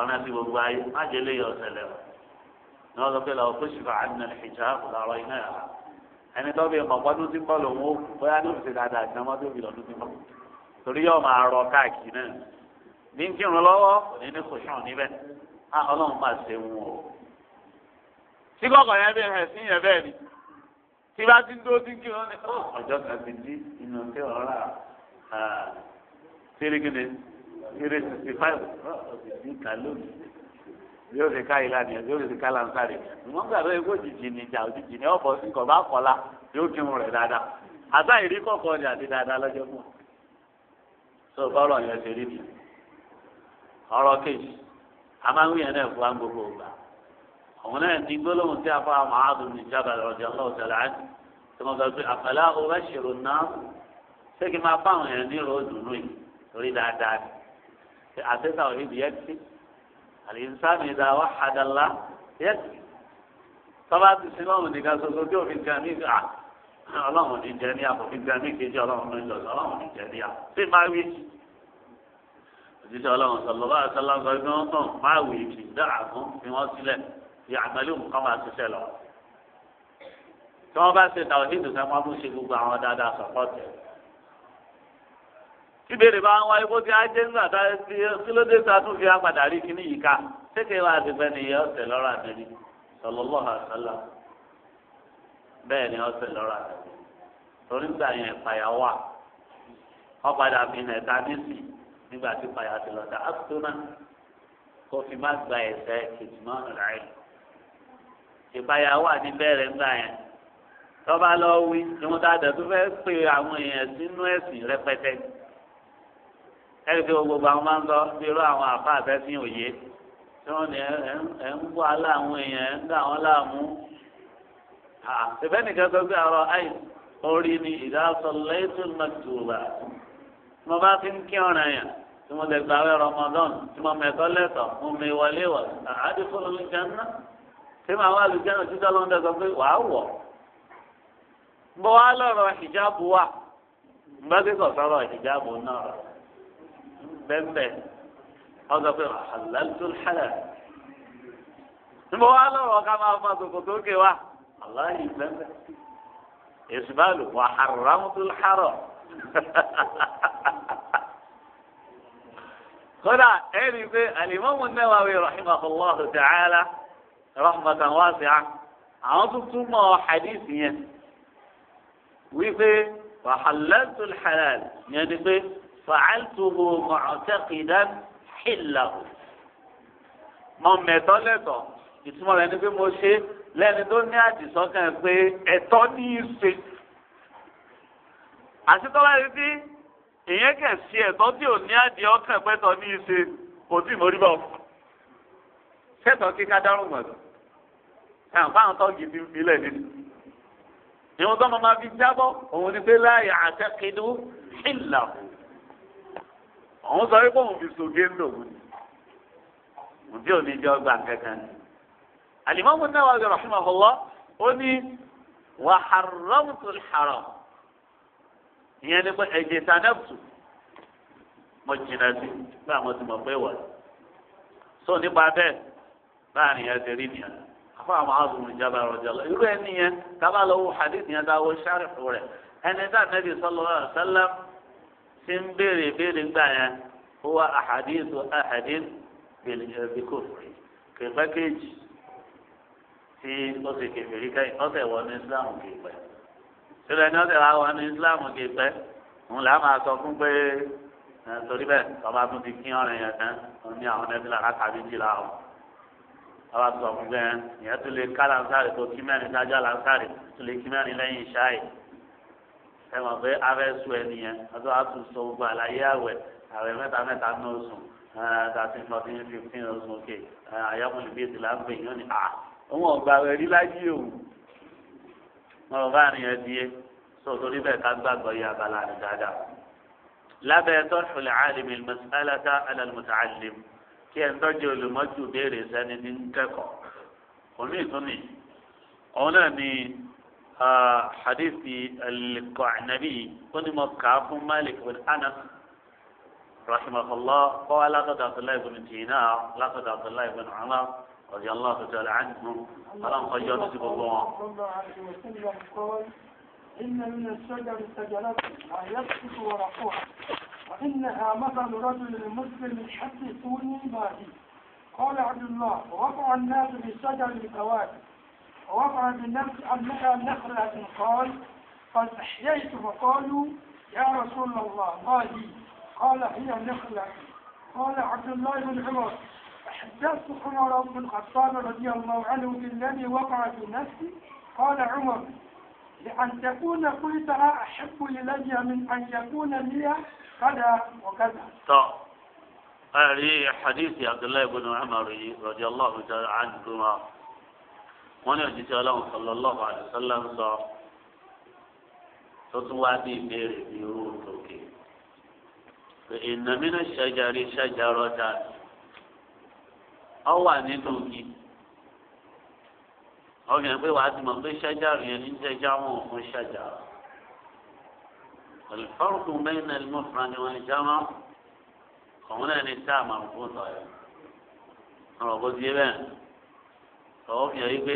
ọ̀rẹ́ sí gbogbo ayé má jẹ́ lè yọ ọ̀sẹ̀ lẹ́wọ̀ ni wọ́n sọ pé làwọn fúnṣì fà á nà ìjà lọ́rọ̀ iná yàrá ẹni tó bí ọ̀pọ̀ ọdún tí ń bọ̀ lòun ó bóyá ní òfìsè dáadáa ìjọba tó fi lọ́dún tí ń bọ̀ torí yóò máa rọ káàkiri náà bí ń kírun lọ́wọ́ kò ní ní kòṣùn níbẹ̀ á ah, ọlọ́run máa ṣe wù ọ́. tí kọ̀ọ̀kan yẹn bẹ́ẹ̀ hẹ̀ sí yẹn bẹ́ẹ̀ ni tí bá ti ń dúró tí ń kírun ni, oh, ọjọ́ kan ti dí inú tí ọ̀rá ah, tẹ́lẹ̀gẹ́dẹ́ eré sixty five ọ̀sẹ̀ oh, ní kàlóòdì bí ó ṣe ká ilá nìyẹn bí ó ṣe ká lansáré ìmọ̀ gbàgbọ́ egbò jìjì ní ìjà òjijì ní ọ̀bọ̀ sí kọ̀ bá kọ́lá yóò kírun rẹ̀ dáadáa àtàyè rí kọ̀ọ̀kan ni àti dáadáa lọ́jọ́ mọ́. sọ bọ́ọ̀lù ọ̀yàn ṣe rí nìyẹn ọ̀rọ̀ kejì a máa ń wíyẹn náà fún wa gbogbo ìgbà àwọn náà ní gbólóhùn tí a fọ àwọn àádùn ní ìjábà lọ́jọ́ ọlọ́run tẹ̀lé àti tí wọ́n sọ pé àfẹ́lá owó ṣèrò náà ṣé kí n máa bá àwọn èèyàn ní ròdù nù yìí torí dáadáa ni àtẹ́sà òní bí yẹ́kì àlìsàmì ìdá wa àdàlá yẹ́kì tọ́ba ti sin lọ́run nìkan ṣoṣo tí òfin gan ní à ọlọ́run ní jẹ́ ní àpò òṣìṣẹ́ ọlọ́run sọ̀rọ̀ bá àṣàlá ń sọ pé wọ́n tàn máa wù ìkì dára fún fi wọ́n sílẹ̀ fi àgbẹ̀lẹ́ òun kọ́ máa ṣiṣẹ́ lọ. tí wọ́n bá ṣe tàwọn hídùn sẹ́kọ́ wọ́n tún ṣe gbogbo àwọn dáadáa sọ̀pọ̀tì. tí béèrè bá ń wáyé bó ti ajé ń gbàdá sí kílódé tó a tún fi apàdà rí kíní yìí ká sékè wá àdìgbẹ́ ni ìyá ọ̀sẹ̀ lọ́rọ̀ àdẹ́ni sọ̀lọ́lọ́ àṣàlá bẹ́ẹ̀ ni ọ̀sẹ̀ nígbà tí payà ti lọ dá àtúnà kó fi má gba ẹsẹ̀ kìtìmọ́nù láì ìpayà wà ní bẹ̀rẹ̀ ńgbà yẹn tọ́ba lọ wí ni wọ́n ta dẹ̀ tó fẹ́ pe àwọn èèyàn sínú ẹ̀sìn rẹpẹtẹ ẹ̀rí pé gbogbo àwọn máa ń sọ bí irú àwọn àfa àfẹ́sìn òye tí wọ́n ní ẹ̀ ń bọ́ alá àwọn èèyàn ẹ̀ ń dà wọ́n láàmú ìfẹ́ nìkan tó gbé àrọ àì orí ni ìdásọ̀lẹ́tò mẹ́tòlá tí mo bá fi ń kí ọ̀ràn yẹn tí mo lè gbàwé Ramadan tí mo mẹ̀tọ́ lẹ́tọ̀ mo mi wọlé wọ̀ àádé fún olùjẹ́nà tí mo àwọn olùjẹ́nà títọ́ ló ń dẹ́sọ pé wàá wọ̀. bó wá lọ́rọ̀ hijabu wa bá kí kò sọ̀rọ̀ hijabu náà bẹ́ẹ̀ wọ́n sọ pé halaltul halal. bó wá lọ́rọ̀ ká máa fa sòkòtò òkè wa aláìsí bẹ́ẹ̀ èsì báàlù wà haramutul haram. kódà ẹni pé alimami Nawawi rahimahullahu ta'ala rahmatan wasi'a àwọn tó túmọ̀ hadith yẹn wípé fàhàlẹ́tù halal yẹn ni pé fàhàltùhù mu'taqidan hillahu mọ mẹtọ lẹtọ ìtumọ̀ rẹ̀ ni pé mo ṣe lẹ́ni tó ní àdìsọ́kàn pé ẹ̀tọ́ ní í ṣe àṣetọ́lá yìí tí èèyàn kẹ̀ sí ẹ̀tọ́ tí ò ní adìẹ ọkàn pẹ́tọ́ ní í ṣe kò tí ì mórí bọ̀ sẹ́tọ̀ kíká dárùn gbọ̀dọ̀ ẹ̀ ń fáwọn tọ́gì ti fi lẹ̀ nínú ìwọ̀n tó máa fi jábọ̀ òun ni pé láàyè àtẹ́kìdú ìlà òun sọ wípé òun fi sògé ń lòun ni òun tí ò ní jẹ́ ọgbà kankan ni Al-Imam An-Nawawi rahimahullah ó ní wa harramtu al ìyẹn ni pé ẹ̀jẹ̀ sàdẹ́pùtù mo jìnnà sí bí àwọn ti mọ̀ pé wọ̀ so nípa bẹ́ẹ̀ láàrin rí nìyẹn afọ àwọn azùnmí ìjábá rọjò lọ irú ẹni yẹn tábà lọ wo hadith yẹn dáwọ sáré rẹ ẹni tá nẹbi sọlọ lọ sẹlẹ ti ń béèrè béèrè gbà yẹn ó eh, kejì tí ó sì kẹfìrí káyìn wọ síbẹ̀ ní ọ̀sẹ̀ wa wà ní Islam kì í pẹ́ òun là máa sọ fún pé torí bẹ́ẹ̀ ọba tún ti kí ọ̀rẹ́ yẹn tán ó ní àwọn ẹbí làrá tàbí jìlá o ọba sọ fún bẹ́ẹ̀ ìyẹn tún lè ká lansárì tó kí mẹ́rin sájà lansárì tún lè kí mẹ́rin lẹ́yìn ṣáì ẹ mọ̀ pé afẹ́ sùn ẹ nìyẹn ọdún wa tún sọ gbogbo àlàyé àwẹ̀ àwẹ̀ mẹ́ta mẹ́ta ní oṣù thirteen fourteen fifteen oṣù òkè àyọkùnrin bíi ti láǹpẹ̀ yóò ní à òun ọ̀gbà rẹ̀ rí láyé òun wọn bá rìn yẹn díẹ̀ sọ torí bẹ́ẹ̀ ká gbàgbọ́ yẹ abala rẹ dáadáa lábẹ́ tọ́sùn alimi masalata alalmuta alim kí ẹ̀ ń tọ́jú olùmọ́jú béèrè sẹ́ni ní kẹ́kọ̀ọ́ òní ìtúni òun náà ni hadithi alqanabi ó ní mo kà á fún malik bin anas rahimahullah kọ́ alákọ̀dọ̀ abdullahi bin tina alákọ̀dọ̀ abdullahi رضي الله تعالى عنه الله صلى الله عليه وسلم قال إن من الشجر الشجرات لا يسقط ورقها وإنها مثل رجل مسلم حتى سوني باهي قال عبد الله وقع الناس بالشجر الكواكب ووقع بالنفس أنها نخلة قال فاستحييت فقالوا يا رسول الله ما هي قال هي نخلة قال عبد الله بن عمر حدثت عمر بن الخطاب رضي الله عنه بالذي وقع في نفسي قال عمر لأن تكون قلتها أحب إلي من أن يكون لي كذا وكذا. طيب. حديث عبد الله بن عمر رضي الله تعالى عنهما wọ́n ní òjíṣẹ́ ọlọ́run sallallahu alaihi wasallam sọ tó tún wá bí ìbéèrè bí irú òkè. ìnàmínú ṣẹjarí ṣẹjarọ dáadáa ọ wà nínú omi ọkàn pé wàá ti mọ̀ pé ṣájàrú yẹn ní jẹjá wọn fún ṣájàrú olùfọ́rùkù mẹ́rin ẹlẹ́mọ̀ fúnra ni wọ́n ní jámá ọ̀hún náà ní tá àmà fún sọ̀rọ̀ ọ̀rọ̀ bó ti yé bẹ́ẹ̀ tọ́wọ́ fi hàn yí pé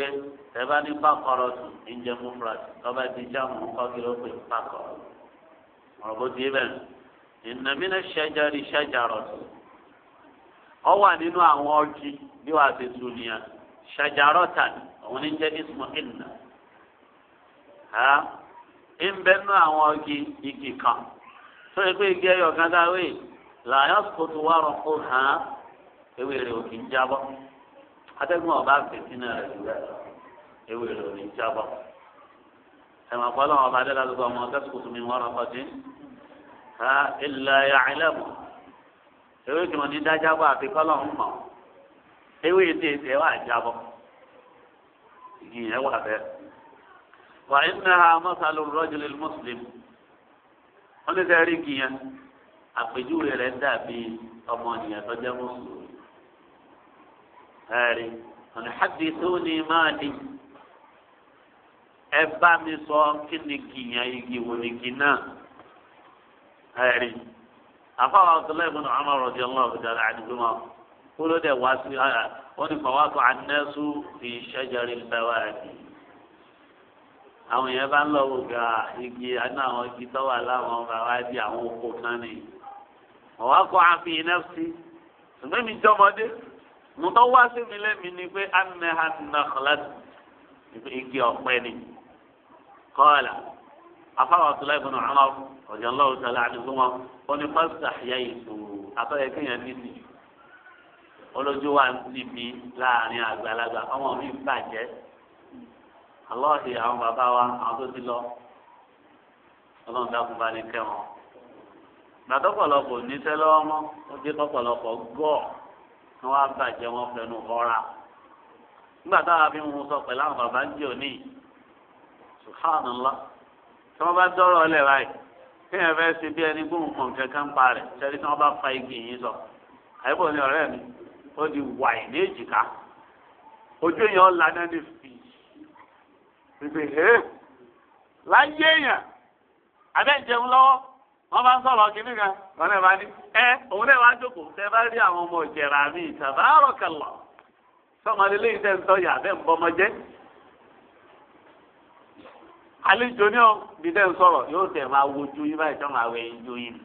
ẹ bá ní pákọ̀rọ̀ tù ní jẹ́ mú fúnra tù tọ́ba ti jámù kọ́kí ló pè pákọ̀rọ̀ ọ̀rọ̀ bó ti bẹ́ẹ̀ ìnàmínà ṣájàrú ṣájàrú tù ọ wà nínú àwọn ọjì bí wàá ṣe tu nìyẹn ṣàjàrọ́tà òun ní jẹ́ ismailna ha ń bẹ nínú àwọn ọjì igi kan tó yẹ pé igi ẹyọ kan dáwé làyọ̀ kòtò wà rọ̀kò hàn ewé rẹ̀ ò kì í jábọ́ ọba fìtínà rẹ̀ ewé rẹ̀ ò ní jábọ́ ẹ̀mọ̀ pọ́lọ́ ọba adẹ́lá gbogbo ọmọ tẹ́sùkùtù mi wọ́n rọ̀ kọ́tí ha ilẹ̀ yà ewé tí mo ní dájábọ̀ àfi kọ́lọ̀ ń mọ̀ ewé tí èsì ẹ̀ wà jábọ̀ igi yẹn wà bẹ́ẹ̀. wà á iná ha mọ́sálù rọ́jòlè mùsùlùm wọ́n lè sẹ́rí igi yẹn àpèjúwe rẹ̀ dàbí ọmọ ènìyàn tó jẹ́ mùsùlùmí. ẹ̀rí ọ̀nà hàbí tó ní máa ní ẹ bá mi sọ kí ni igi igi wò ní igi náà. ẹ̀rí àfọwọ́ abdullahi bin Umar radiyallahu ta'ala anhuma kúló dẹ̀ wá sí àyà wọ́n ní fọwọ́ kọ́ anẹ́sù fi ṣẹ́jọ́rí bẹ́wà ẹ̀dì. àwọn yẹn bá ń lọ wò ga igi àná àwọn igi tó wà láwọn bàbá di àwọn oko kan ni. fọwọ́ kọ́ àfi nẹ́fsì ṣùgbọ́n mi jọmọdé mo tọ́ wá sí mi lẹ́mi ni pé anẹ́ hàtìnà kọ́lá igi ọ̀pẹ ni kọ́ọ̀là afáwọn abdullahi bin ọmọ ọjọ ńlọrọ sọlá àdìgúnmọ ó ní pásítà àyà ètò àtọyẹ kéèyàn níbi olójú wa níbi láàrin àgbàlagbà ọmọ mi bàjẹ́ alọ́ọ̀dì àwọn bàbá wa àwọn tó ti lọ ọlọ́run dákun bá ní kẹ́wọn gbàtọ́pọ̀lọpọ̀ níṣẹ́ lọ́wọ́ mọ́ ó dé pọ̀pọ̀lọpọ̀ gọ́ọ̀ kí wọ́n á bàjẹ́ wọn fẹnu ọ̀ra nígbà táwa fi ń hun sọ pẹ̀lú subhanallah tí wọ́n bá dọ́rọ̀ ọlẹ̀ báyìí kí ẹ fẹ́ ṣe bí ẹni gbóhùn kan kankan pa rẹ̀ sẹ́ni tí wọ́n bá fa igi yìí sọ àyẹ̀bọ̀ ni ọ̀rẹ́ mi ó di wàì ní èjìká ojú yẹn lànà ní fi ìgbè hé láyé yẹn abẹ́jẹun lọ́wọ́ wọ́n bá sọ̀rọ̀ kínní kan wọ́n náà bá ẹ òun náà wá jókòó tẹ́ bá rí àwọn ọmọ ìjẹ̀rà mi ìtàbárọ̀kàlọ̀ sọ́mọdé lẹ́yìn tẹ́ ń tọ́ yà bẹ́ẹ̀ ń bọ́mọ jẹ́ àlejò ní ọ dídẹ́ ń yóò tẹ̀ máa wojú yín báyìí tó máa wẹ ole yín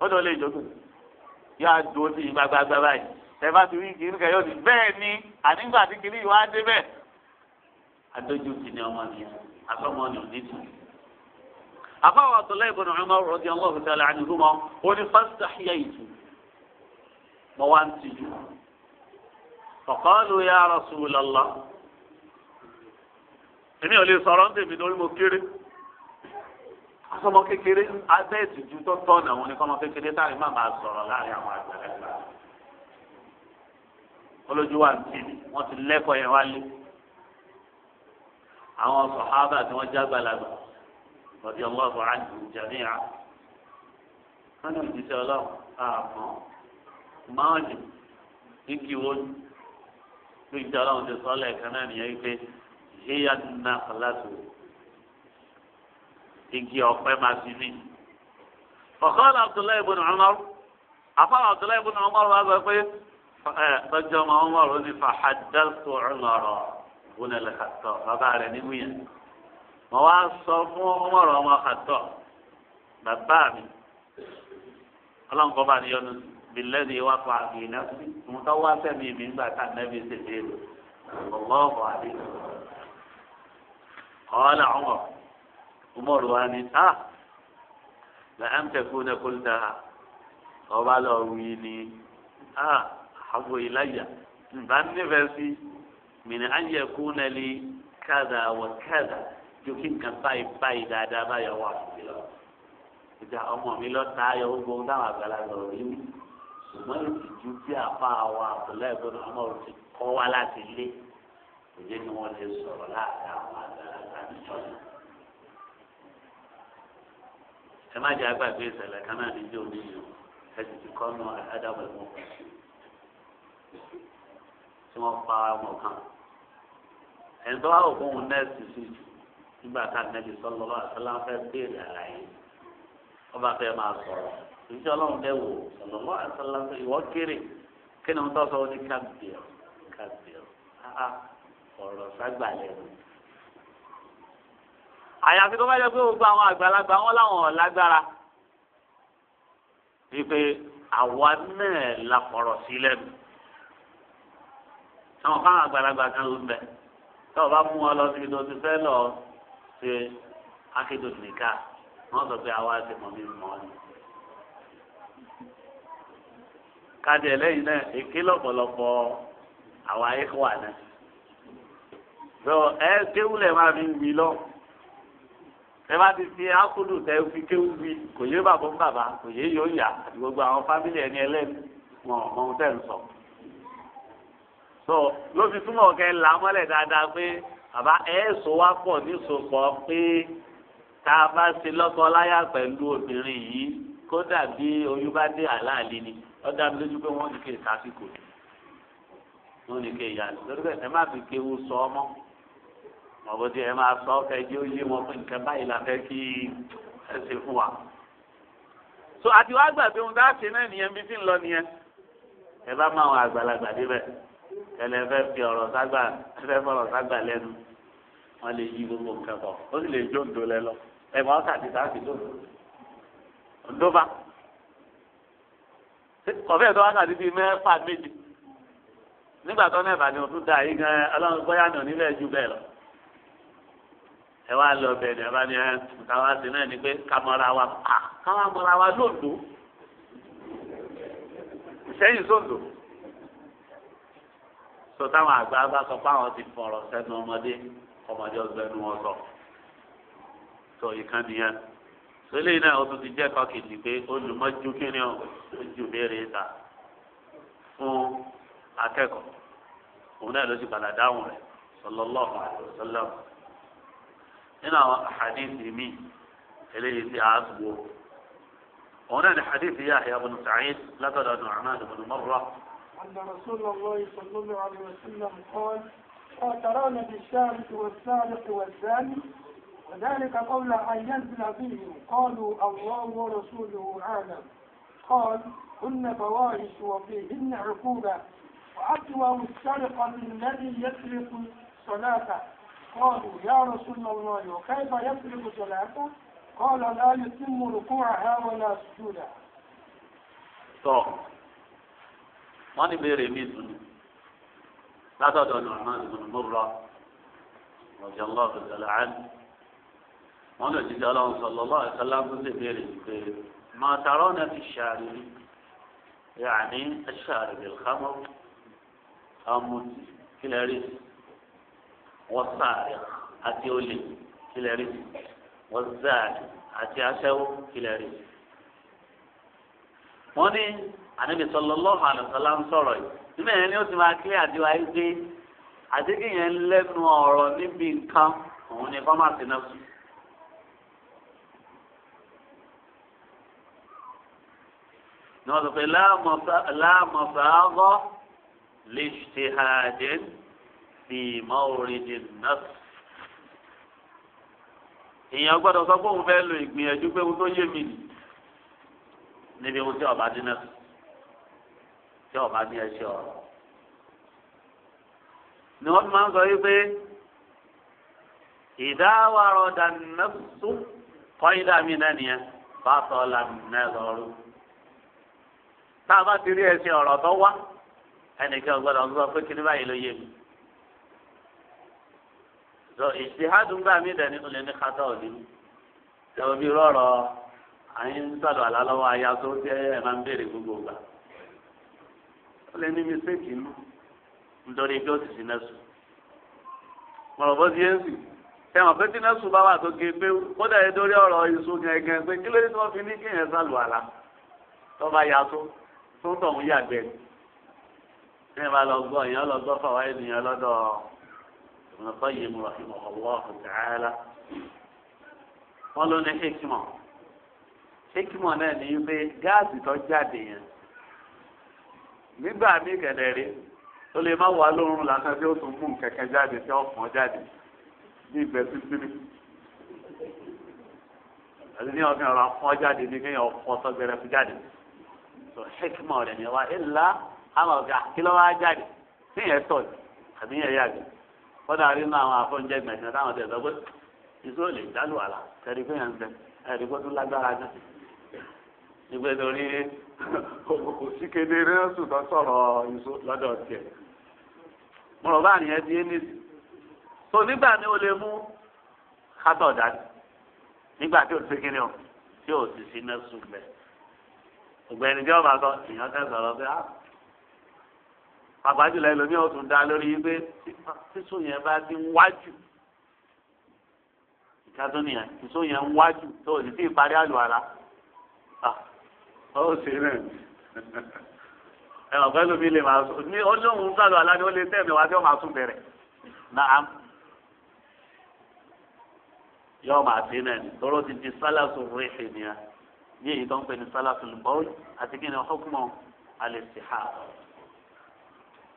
ó tó lè jókòó yóò ó yín báyìí bá ti rí kiri yóò di bẹ́ẹ̀ ni ànígbà tí kiri yìí wá dé bẹ́ẹ̀ adójú kìíní ọmọ nìyẹn asọ́mọ ni ò ní tù. àbáwọ̀ àtọ̀lẹ́ ìbọn Umar radiyallahu ta'ala anhuma èmi ò lè sọ̀rọ̀ ń tèmi lórí mo kéré asọmọ kékeré abẹ́ ìtìjú tó tọ̀nà àwọn oníkọ́mọ kékeré táàrí má máa sọ̀rọ̀ láàrin àwọn àgbàlagbà olójú wa ń tìlì wọ́n ti lẹ́kọ̀ọ́ yẹn wálé àwọn sọ̀hábà tí wọ́n já gbalagbà lọ́dí ọlọ́ọ̀bù àjù jàmíà wọ́n ní òjíṣẹ́ ọlọ́ọ̀bù àmọ́ máàlì ní kí wọ́n ní òjíṣẹ́ ọlọ́ọ̀bù ti sọ́ọ́lẹ̀ hiya nakhlatu igi ọ̀pẹ máa fi mí. faqala abdullahi ibn umar afọlọ abdullahi ibn umar wà gbẹ pé ọjọ́ ọmọ umar ó ní fahadaltu umar ibn al-khattab bàbá rẹ̀ ní wíyẹn. mo wá sọ fún umar ọmọ khattab bàbá mi ọlọ́nkọ́ bá ní yọnu bìlẹ́ni wà fún àbí náà mo tọ́ wá sẹ́mi mi ń gbà tá nẹ́bí ṣe dé lọ. ọlọ́ọ̀bọ̀ àdéhùn. قال عمر عمر واني ها لأن تكون قلتها وبعد أويني ها أحب إلي بني فسي من أن يكون لي كذا وكذا يمكن كان باي باي دادا باي واحد ìjà ọmọ mi lọ ta ayọ̀ ọmọ òtí kọ́ wá láti lé kò ẹ má jẹ́ àgbàgbé ìṣẹ̀lẹ̀ kan náà níjó níyó ẹ sì ti kọ́ nù àdábọ̀ ẹ̀mọ́ tí wọ́n pa ọmọ kan ẹni tó wá òkun òun nẹ́ẹ̀sì sí jù nígbà tá a nẹ́bi sọ́lọ́ lọ́wọ́ àtàlà fẹ́ béèrè àlàyé ọba fẹ́ máa sọ̀rọ̀ ìjọ ọlọ́run dẹ́ wò lọ́wọ́ fẹ́ ìwọ́ kéré kí ni wọ́n tọ́ sọ ní kábíyà àyàfi tó bá jẹ pé gbogbo àwọn àgbàlagbà wọn làwọn lágbára wípé àwa náà la fọ̀rọ̀ sí lẹ́nu àwọn fáwọn àgbàlagbà kan ló ń bẹ tó o bá mú wọn lọ síbi tó ti fẹ́ lọ ṣe akédo nìka wọn sọ pé àwa ti mọ̀ mí mọ́ ni. káàdì ẹlẹ́yìn náà èké lọ́pọ̀lọpọ̀ àwa ayé kọ́ wà náà. ẹ kéwúlẹ̀ máa fi ń gbi lọ́wọ́ ẹ bá ti fi akudu tẹ fi kéwu bi kò yé bàbá ń bàbá kò yé yóò yà àti gbogbo àwọn fámìlì ẹni ẹlẹ́nu wọn ọ̀hún tẹ̀ ń sọ. so ló fi túmọ̀ kẹ́ là mọ́lẹ̀ dáadáa pé bàbá ẹ sọ wá pọ̀ nísòpọ̀ pé tá a bá ṣe lọ́kọ láyà pẹ̀lú obìnrin yìí kódà bí oyún bá dé àláàlí ni ó mi lójú pé wọ́n ní kí n sásìkò wọ́n ní kí n lórí bẹ́ẹ̀ ẹ má fi kéwu sọ ọmọ ọ̀bọ̀n tí ẹ máa sọ ọ́fẹ́ jẹ́ oyé wọn fún nǹkan báyìí la fẹ́ kí ẹ ṣe fún wa. so àti wàá gbàgbé ohun tá a ṣe náà nìyẹn bí fi ń lọ nìyẹn ẹ bá máa wọn àgbàlagbà débẹ̀ ẹlẹ́ fẹ́ fi ọ̀rọ̀ ságbà fẹ́ fọ̀rọ̀ ságbà lẹ́nu wọn lè yí gbogbo nǹkan kọ ó sì lè jó ǹdó lẹ lọ ẹ máa kà sí tó ǹdó bá kọfẹ́ tó wákàtí bíi mẹ́fà méjì nígbà tó náà ìbàdàn tó dáa yìí gan-an ọlọ́run gbọ́yà náà nílẹ̀ ju bẹ́ẹ̀ lọ ẹ wá lọ bẹ̀rẹ̀ ẹ bá ní ẹ káwá sí náà ni pé kámọ́ra wa kà káwá mọ́ra wa lòdò sẹ́yìn sòdò sọ táwọn àgbà bá sọ pé àwọn ti fọ̀rọ̀ sẹ́nu ọmọdé ọmọdé ọgbẹ́nu wọn sọ sọ ìkan nìyẹn sọlẹ́ náà o tún ti jẹ́ kọ́kìtì pé olùmọ́jú kíni o ojú béèrè ta fún akẹ́kọ̀ọ́ òun náà ló ti padà dáhùn rẹ̀ sallallahu alaihi wasallam. nínú أحاديث àhàdíìsì إليه eléyìí tí a gbọ́ òun náà ni àhàdíìsì Yahya ibn Sa'id látọ̀dọ̀ Nu'man أن رسول الله صلى الله عليه وسلم قال ترون بالشارك والسارق والزاني وذلك قول أن ينزل بهم قالوا الله ورسوله أعلم قال هن فواحش وفيهن عقوبة وأسوأ السرقة الذي يسرق صلاته قالوا يا رسول الله وكيف يفرغ صلاته قال لا يتم ركوعها ولا سجودها tọ́ wọ́n ní béèrè mí sùn látọ̀dọ̀ Nu'man ibn Murrah radiyallahu ta'ala anhu wọ́n lè jíjẹ́ ọlọ́run sallallahu alaihi wasallam tó lè béèrè pé ma tarana fi ash-sharibi ya'ni ash-sharibi al-khamr ọmọ tì kílẹ̀ rí sí wọ́n sáàrì àti olè kílẹ̀ rí wọ́n záàrì àti aṣẹ́wó kílẹ̀ rí. wọ́n ní ànábì sallallahu alaihi wasallam ń sọ̀rọ̀ yìí nígbà yẹn ni ó ti máa kílẹ̀ àdìwá yìí pé àdìgí yẹn lẹ́nu ọ̀rọ̀ níbi nǹkan òun ni fọ́màsì náà sùn. ní wọ́n sọ pé láàmọ̀sáàgọ́ lè ṣe àdéhùn fi mawridi nas. èèyàn gbọ́dọ̀ sọ pé òun fẹ́ lo ìgbìyànjú pé òun tó yé mi nì níbi ohun tí ọba dín náà tí ọba dín ẹṣẹ ọ̀rọ̀. ni wọ́n máa ń sọ wípé ìdáwàrọ̀ dànù kọ́ńdà mi náà nìyẹn bá sọ làmì náà tá a bá ti rí ẹṣẹ ọ̀rọ̀ tó wá ẹnìkan gbọ́dọ̀ sọ pé kí ni báyìí ló yé mi sọ ìṣèhádùn gbà mí dẹni tó lè ní kátà òní ẹwọ bí rọrọ àyín ń sàdọ àlálọwọ aya tó tẹ ẹ máa ń béèrè gbogbo gbà ó lè ní mísíkì nù nítorí bí ó sì sí nẹsù mọ̀rọ̀ bó ti yé ń sì ẹ̀wọ̀n pé tí nẹ́sùn bá wà tó ge pé kódà yẹn dórí ọ̀rọ̀ iṣu gẹ̀gẹ̀ pé kí ló dé tí wọ́n fi ní kí yẹn sálù àlà tó bá ya tó tó tọ̀hún yàgbẹ́ ni. bí bá lọ gbọ́ èèyàn lọ gbọ́ fàwa ènìyàn lọ́dọ̀ ابن القيم رحمه الله تعالى wọ́n ló ní hikima hikima náà ní pé gáàsì tó jáde yẹn nígbà míì kẹlẹrí ó lè má wà lóorun lásán tí ó tún mú kẹ̀kẹ́ jáde tí ó fọ́n jáde ní ìgbẹ́ pípírí àti ní ọ̀gbìn ọ̀rọ̀ afọ́n jáde ní kéèyàn ọ̀fọ́n sọ́gbẹ́rẹ́ fi jáde tó hikima rẹ̀ ní wa ìlà àwọn ọ̀gá kí ló wá jáde sí yẹn tọ̀ àbí yẹn yàgbẹ́ kọ́dà rí nínú àwọn àfọ̀njẹ́ gbẹ̀sẹ̀ táwọn ti sọ pé ìṣòro lè dálù àlà tẹ̀rí pé yẹn ń ẹ̀rí pé tó lágbára jù. ìgbẹ́ torí kò sí kedere sùn sọ̀rọ̀ ìṣó lọ́dọ̀ tiẹ̀. mo rọ̀ bá nìyẹn di ẹni tó nígbà ni o lè mú kátọ̀ dání nígbà tí o ti kiri o tí o sì sí náà sùn bẹ́ẹ̀. ògbẹ́ni jẹ́ ọ̀bà sọ ìyàn tẹ̀sán lọ bẹ́ẹ̀ pàpàjùlọ ẹlòmíì ọ̀tún dá lórí yìí pé sísun yẹn bá ti ń wájú ìkàtó nìyẹn sísun yẹn ń wájú tó o sì ti parí àlùwàlá ó sì rìn ẹ̀wọ̀n pẹ̀lú mi lè máa sùn ní olóhùn sàlùwàlá ni ó lè tẹ̀ mí wá tí ó máa sùn bẹ̀rẹ̀ náà yóò máa sí náà ni tóró ti di sálàsù rèéfé nìyẹn ní èyí tó ń pè ní sálàsù lùbọ́ọ̀lù àti kí ni ọkùnrin àlè sí ha.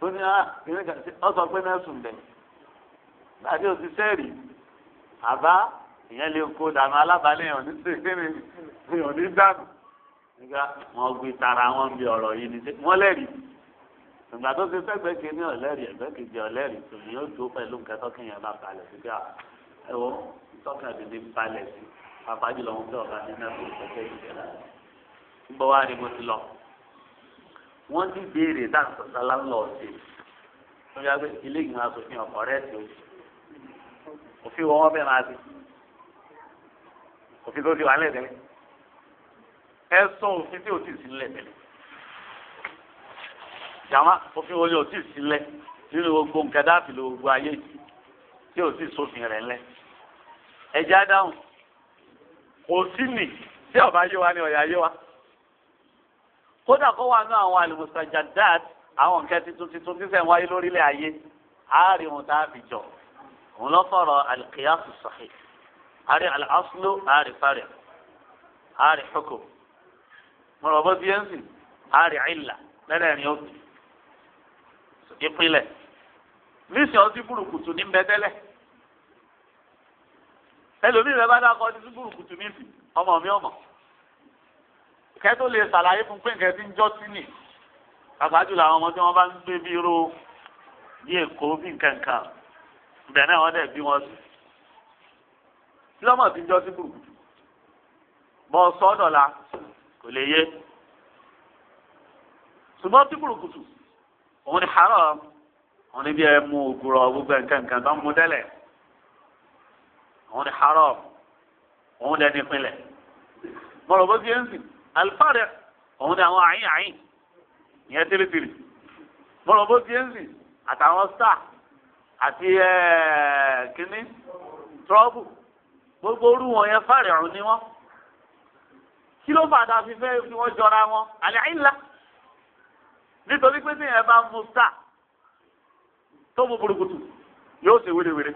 tó ní ah, ọ sọ pé mẹ́sùn bẹ̀ láti òsì sẹ́ẹ̀rì àbá ìyẹn lè kó dànù alábàálẹ̀ ọ̀ní sèkéèrè ọ̀ní dànù nígbà wọn gbé tara wọn bí ọ̀rọ̀ yìí ní wọn lẹ́rìí ìgbà tó ti fẹ́gbẹ́ kínní ọ̀lẹ́rìí ẹ̀gbẹ́ kejì ọ̀lẹ́rìí tòun yóò tó pẹ̀lú nǹkan tọ́kìn yẹn bá balẹ̀ sí bí ah, ẹ wọ tọ́kìn àdìdì balẹ̀ sí pàápàá jùlọ wọn fẹ́ ọ̀gá nínú ẹ̀kọ́ ìfẹ́kẹ́ ìjẹ́ra ń bọ́ ti lọ wọ́n ní béèrè dáńtọ̀ sálá lọ sí wọ́n yá pé ilé ìgbìmọ̀ asòfin ọ̀kọ̀ rẹ̀ tó òfin wọn wọ́n bẹ̀rẹ̀ àti òfin tó ti wà nílẹ̀ tẹ́lẹ̀ ẹ sọ òfin tí ò tí ì sílẹ̀ tẹ́lẹ̀ jàmá òfin wo ni ò tí ì sílẹ̀ nínú gbogbo nǹkan dáàbì ló gbogbo ayé tí ò tí ì sófin rẹ̀ ńlẹ̀ ẹ̀já dáhùn kò sí nì tí ọba yé wa ni ọ̀yà yé wa kódà kó wà ní àwọn al-mustajadat àwọn nǹkan tuntun tuntun fífẹ́ wáyé lórílẹ̀ ayé àárí ohun tá a fi jọ òun lọ fọ̀rọ̀ al-qiyas as-sahih àárí al-aslu àárí fari àárí hukm mọ̀rọ̀ bó bíyẹn sì àárí ìlà lẹ́rẹ̀ẹ́rin òbí ìpínlẹ̀ nísìnyí ọtí burúkutu ní mbẹ́tẹ́lẹ̀ ẹlòmíì bá dákọ̀ ọtí burúkutu ní ìsìn ọmọ mi ọmọ kẹ́tọ́ lè ṣàlàyé fún pé nǹkan ti ń jọ́ sí nì àgbájúlọ àwọn ọmọ tí wọ́n bá ń gbé bí ró bí èkó bí nǹkankan ibẹ̀ náà wọ́n dẹ̀ bí wọ́n sí tí lọ́mọ ti ń jọ́ sí burúkú bọ́ sọ́dọ̀ la kò lè yé ṣùgbọ́n tí burúkú òun ni haram òun ni bí ẹ mú ògùrọ̀ gbogbo nǹkankan tó mú dẹ́lẹ̀ òun ni haram òun dẹni pinlẹ̀ mọ̀rọ̀ bó ń sìn alifáàrẹ òun ni àwọn àyín àyín ìyẹn tìrìtìrì mọ̀rọ̀ bó ti ń sìn àtàwọn star àti kínní trọ́bù gbogbo orú wọn yẹn fáàrẹ̀ ọ̀hún ni wọ́n kí ló fà dáa fi fẹ́ fi wọ́n jọra wọn àlẹ́ àyínlá nítorí pé tíyẹn bá mú star tó mú burúkutu yóò ṣe wérewère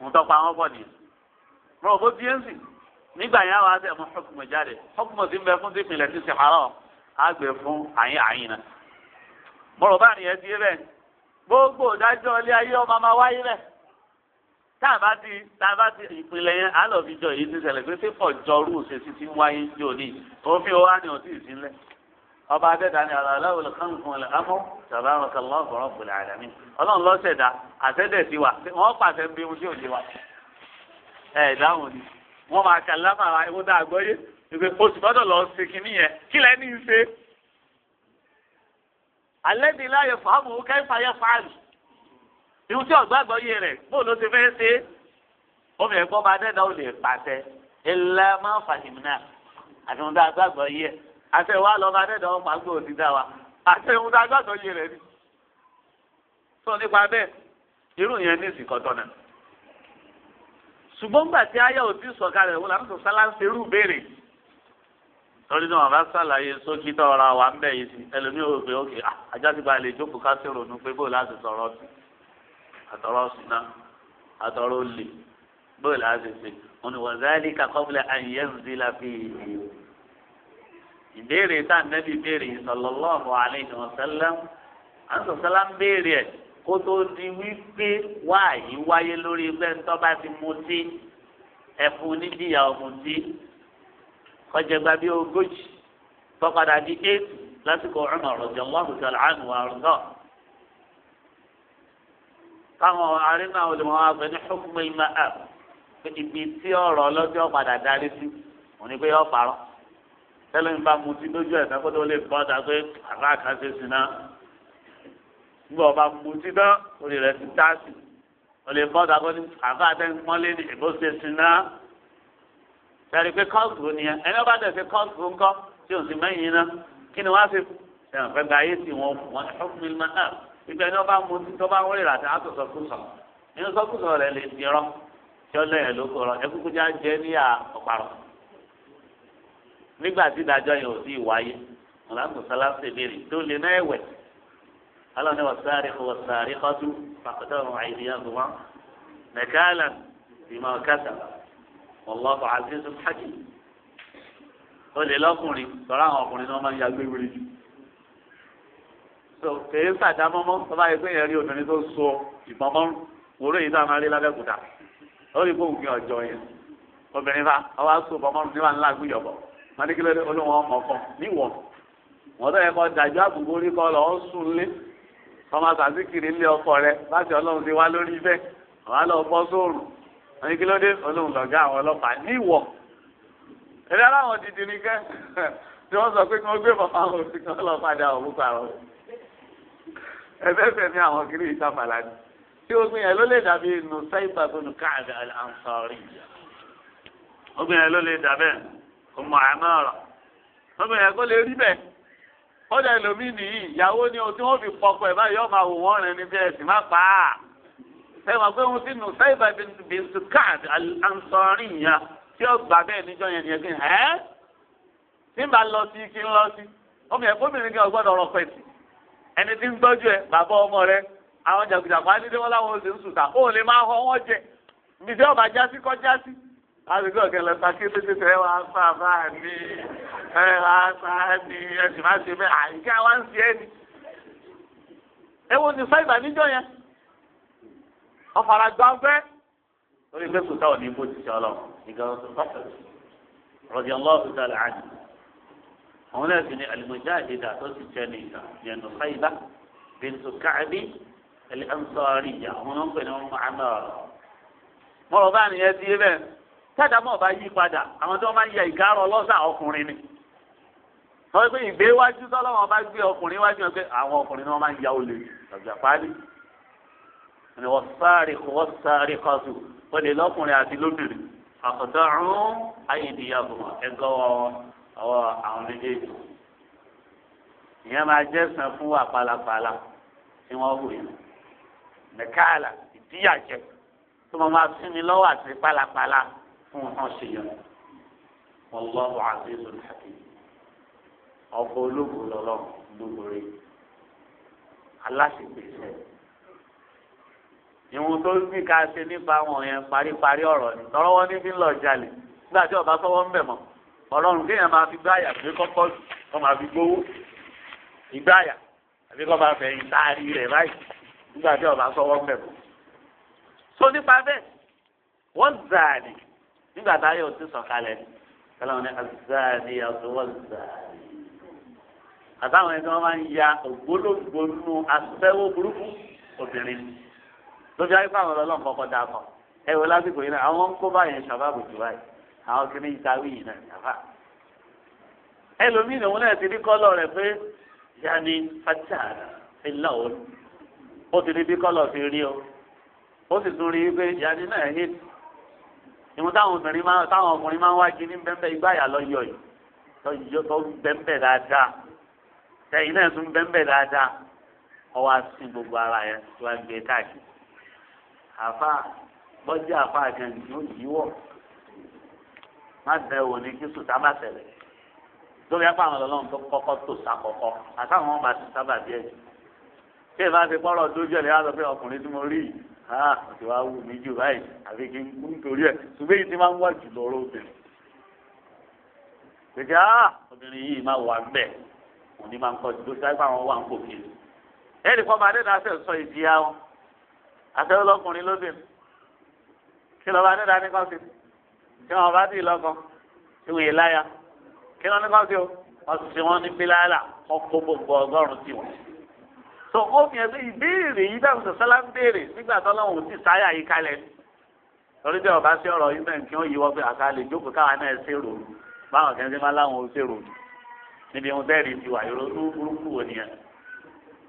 ń tọpa wọn pọ̀ nìyẹn mọ̀rọ̀ bó ti ń sìn nígbà yẹn wàá sẹ mú hukumu jáde hukumu ti ń bẹ fún ti pinlẹ ti sèhárọ á gbé fún àyín àyín náà mọ̀rọ̀ bá nìyẹn ti bẹ́ẹ̀ gbogbo ìdájọ́ ilé ayé ọmọ máa wáyé bẹ́ẹ̀ tá a bá ti tá a bá ti ìpínlẹ̀ yẹn á lọ fi jọ èyí ti ṣẹlẹ̀ pé pípọ̀ jọrú ṣe ti ti ń wáyé jò ní òfin wa ni ọtí ìsínlẹ̀ ọba adẹ́ta ni aláwọ̀ lẹ́kànkùn lẹ́kànkùn tàbí àwọn kan lọ́wọ́ fọ̀rọ̀ pẹ̀lẹ́ àdàmì ọlọ́run lọ́sẹ̀dá àtẹ́dẹ̀ sí wa wọ́n pàṣẹ bí ohun tí ò wọ́n máa kà láfa àwọn ewu dá oṣù gbọ́dọ̀ lọ ṣe kínní yẹn kí lẹ́ ní í ṣe. alẹ́ bí láyọ̀ fàámù kẹ́fà yẹ fáàlì ìwú tí ọ̀gbọ́n àgbọ́yé rẹ̀ bó ló ti fẹ́ ṣe é omi ẹ̀gbọ́n máa dẹ́dá ò lè pàṣẹ ilẹ̀ máa fàhìm náà àtúndà àgbàgbọ́ yẹ àṣẹ wa lọ́ọ́ máa dẹ́dá ọmọ àgbọ̀ òdì dá wa àṣẹ ìwúndà àgbàgbọ́ yẹ rẹ̀ ni. sọ nípa bẹ́ẹ̀ irú yẹn ní ìsìnkọ́tọ̀ náà ṣùgbọ́n gbà tí ayé òtí sọ̀kalẹ̀ wọn làwọn sọ̀sálà ń ṣerú béèrè torí náà bá ṣàlàyé sókí tọ́ra wa ń bẹ̀ yìí sí ẹlòmíì ò pé ókè ah, ajá ti gba lè jókòó ká sí ronú pé bóòlù àti sọ̀rọ̀ sí àtọ̀rọ̀ síná àtọ̀rọ̀ olè bóòlù àti sí oníwọ̀nzáàlì kakọ́bílẹ̀ àyẹ̀nzí la fi ìbéèrè tá a nẹ́bi béèrè sallallahu alaihi wasallam àti kó tó di wípé wáàyí wáyé lórí ẹgbẹ́ ńtọ́ bá ti mutí ẹ̀fun nídìyà ọ̀mùtí kọjá gba bí ogójì tọ́padà di eight lásìkò ọ̀rùn ọ̀rọ̀jọ̀ wọ́n sọ̀rọ̀ àánú àrùntọ́. káwọn arínà olùmọ̀ àgbẹ̀ ní ṣùkúmọ̀ ìmọ̀ ẹ̀ ibi tí ọ̀rọ̀ ọlọ́jọ́ padà darí sí òun ni pé yọ parọ́ tẹ́lẹ̀ ń bá mutí lójú ẹ̀ nígbà ọba mutí náà orí rẹ̀ ti tá sí o bọ́ dàgbọ́ ní àbá àtẹnumọ́lé ní ìbò ṣe sí náà tẹ̀lé pé kọ́ọ̀tù ni ẹ ẹni ọba tẹ̀ sí kọ́ọ̀tù ńkọ́ tí ò sì mẹ́yìn náà kí ni wọ́n á fi ẹ̀hàn fẹ́ gba ayé sí wọn wọn ẹ̀fọ́fún mi náà ìgbà ẹni ọba mutí tó bá wọlé rà á tó sọkúsọ nínú sọkúsọ rẹ̀ lè di rọ tí ó lẹ́yìn ló kọ̀rọ̀ ẹ kúkú já jẹ́ ní ọ̀parọ̀ nígbà tí ìdájọ́ yẹn ò tó lè náà ẹ̀wẹ̀ alọ́ni wasaari kò wasaari kọ́tù pàkútà wọn àìdíyà tó wọn nàkàlà bímọ kásá wàlláhu azizu hakim ó lè lọ́kùnrin sọ̀rọ̀ àwọn ọkùnrin náà máa ń yàgbé wuli jù so kèé sàdámọ́mọ́ tó bá yẹ pé yẹn rí obìnrin tó so ìbọn mọ́rùn wòlò yìí tó a máa rí lábẹ́kúta ó rí bóun fi ọjọ́ yẹn obìnrin fa ọwọ́ aṣọ ìbọn mọ́rùn níwà ńlá gbìyànjọ́ wọn ní kí ló olóhùn ọmọ kan níwọ̀n wọn tó yẹ kọ́ dájú àbúgbó rí kọ́ lọ́ọ́ sùn lé ọmọ sàzíkiri ilé ọkọ rẹ láti ọlọ́run ti wá lórí bẹ́ẹ̀ wàá lọ bọ́ sóòrùn wọn kí ló dé olóhùn lọ̀gá àwọn ọlọ́pàá ní ìwọ̀ eré aláwọ̀ dìdì ní kẹ́ tí wọ́n sọ pé kí wọ́n gbé bàbá àwọn òsì kan lọ padà òun pààrọ̀ ẹ̀fẹ́fẹ́ ní àwọn kiri ìsàfàlà ni tí ogun yẹn ló lè dàbí nùsáìbà tó nù káàdì àǹsọ̀rì ogun yẹn ló lè dàbẹ́ kọ́dà ẹlòmíì nìyí ìyàwó ni o tí wọ́n fi pọpọ ẹ̀ báyìí yóò máa wò wọ́n rìn níbi ẹ̀sìn má pa á. sẹ́wọ̀n pé wọ́n ti nù sáìbà bíntu káàd ansọ́rin yẹn tí ó gbà bẹ́ẹ̀ níjọ́ yẹn nìyẹn kí n tí n bá lọ sí kí n lọ sí ọmọ ẹ̀kọ́ mi nìkan ọgbọ́dọ̀ ọ̀rọ̀ pẹ̀sì ẹni tí ń gbọ́jú ẹ bàbá ọmọ rẹ àwọn jàgùdàgbà ó lè àdúgbò kẹlẹ sàkí títí tẹ wàá fà bá ní ẹ wàá fà ní ẹ sì máa ṣe bẹ àyíká wá ń ṣe é ni. ẹ wo ní sáìbà níjọ yẹn ọ̀fàrà gbàgbẹ́ lórí pé kò táwọn ní ibò ti ṣe ọlọ́run ìgbà wọn tó pàṣẹ rọ̀bì ọlọ́run sàlẹ̀ àjì. àwọn náà sì ní àlùmọ̀já ìdá tó ti jẹ ní ìgbà yẹn ní sáìbà bíntu káàbí ẹ̀lẹ́ ìyá àwọn náà ń pè ní wọn mọ̀ tádàmọ́ bá yí padà àwọn tí wọ́n máa ń ya ìgárọ̀ lọ́sà ọkùnrin ni wọ́n pé ìgbéwájú tọ́lọ́wọ́n bá gbé ọkùnrin wájú wọn pé àwọn ọkùnrin ni wọ́n máa ń ya olè ọ̀gbà pálí ni wọ́n sáré kọ́ wọ́n sáré kọ́ sùn ó lè lọ́kùnrin àti lóbìnrin àkọ́tọ́ ọ̀hún ayédèyàbò ẹgbẹ́ ọwọ́ àwọn méjèèjì ìyẹn máa jẹ́ sàn fún wa tí wọ́n wù yẹn mẹ́kàlà ìdíyàjẹ tó máa máa sinmi lọ́wọ́ àti pálapàla fún hàn sí yẹn wallahu azizul hakim ọkọ ológo lọlọ lóbore aláṣepèsè ìwọn tó ní ká ṣe nípa wọn yẹn paríparí ọ̀rọ̀ ni tọrọ wọn ní fi ń lọ jalè nígbà tí ọba sọwọ ń bẹ mọ Ọlọ́run kéèyàn máa fi gbáyà pé kọ́kọ́ kọ máa fi gbowó ìgbáyà àbí kọ máa fẹ̀yìn táàrí rẹ báyìí nígbà tí ọba sọwọ ń bẹ mọ. so nípa bẹ́ẹ̀ wọ́n zàlè nígbà tá a yóò ti sọ̀kalẹ̀ kọ́lá wọn ni azani azọ́wọ́zà àtàwọn ẹni wọn máa ń ya ògbólógbò nínú asẹ́wó burúkú obìnrin lójú ayé fáwọn ọlọ́run kọ́kọ́ dà kọ́ ẹ wọ lásìkò yìí náà àwọn ń kó báyẹn ṣàbábù jù báyìí àwọn kìíní yìí táwí yìí náà yàrá ẹlòmíì lòun náà ti rí kọ́lọ̀ rẹ̀ pé yanni fatáàrà ńlá òun ó ti rí bí kọ́lọ̀ fi rí o ó sì tún rí pé yanni náà yé ìwọ̀n táwọn obìnrin máa táwọn ọkùnrin máa ń wá jí ní bẹ́ńbẹ́ igbá yà lọ́yọ̀ yìí lọ́yọ̀ tó ń bẹ́ńbẹ́ dáadáa sẹ́yìn náà tún bẹ́ńbẹ́ dáadáa ọwọ́ àti gbogbo ara yẹn tó wá gbé káàkiri àfa bọ́jú àfa kan yóò yíwọ́ má bẹ wò ní kí sùtá má ṣẹlẹ̀ lórí apá àwọn ọlọ́run tó kọ́kọ́ tó sàkọ́kọ́ àtàwọn ọmọ àti sábà díẹ̀ bí ẹ bá ti pọ́rọ̀ dójú ẹ̀ lẹ́yìn àtọ́ pé ọkùnrin tí mo rí yìí ha ti wá wù mí jù báyìí àfi kí n kú nítorí ẹ ṣùgbọ́n èyí ti máa ń wá jù lọ́rọ́ obìnrin gbèjà obìnrin yìí máa wà bẹ́ẹ̀ òun ni máa ń kọ́ ju lóṣù àìpá àwọn wà ń kò kiri ẹnì kan máa dé náà ṣe sọ ìdí ya wọn àtẹ́wọ́ lọkùnrin lóbìnrin kí lọ́ba dé náà nìkan sí tí wọn bá dì lọ́kàn tí wọn yé láya kí lọ́ nìkan sí o wọ́n sì ṣe wọ́n ní pílálà tó ó fi ẹgbẹ́ ìbéèrè yìí dáhùn sọ̀sọ́lá ń béèrè nígbà tó lọ́wọ́ ti sáyà yìí kalẹ̀ torí bí ọba sí ọ̀rọ̀ yìí bẹ́ẹ̀ kí wọ́n yí wọ́n pé àká lè jókòó káwa náà ṣèrò báwọn kẹ́ńtẹ́ máa láwọn ò ṣèrò níbi ohun bẹ́ẹ̀ rí ti wà yòrò tó burúkú wò nìyẹn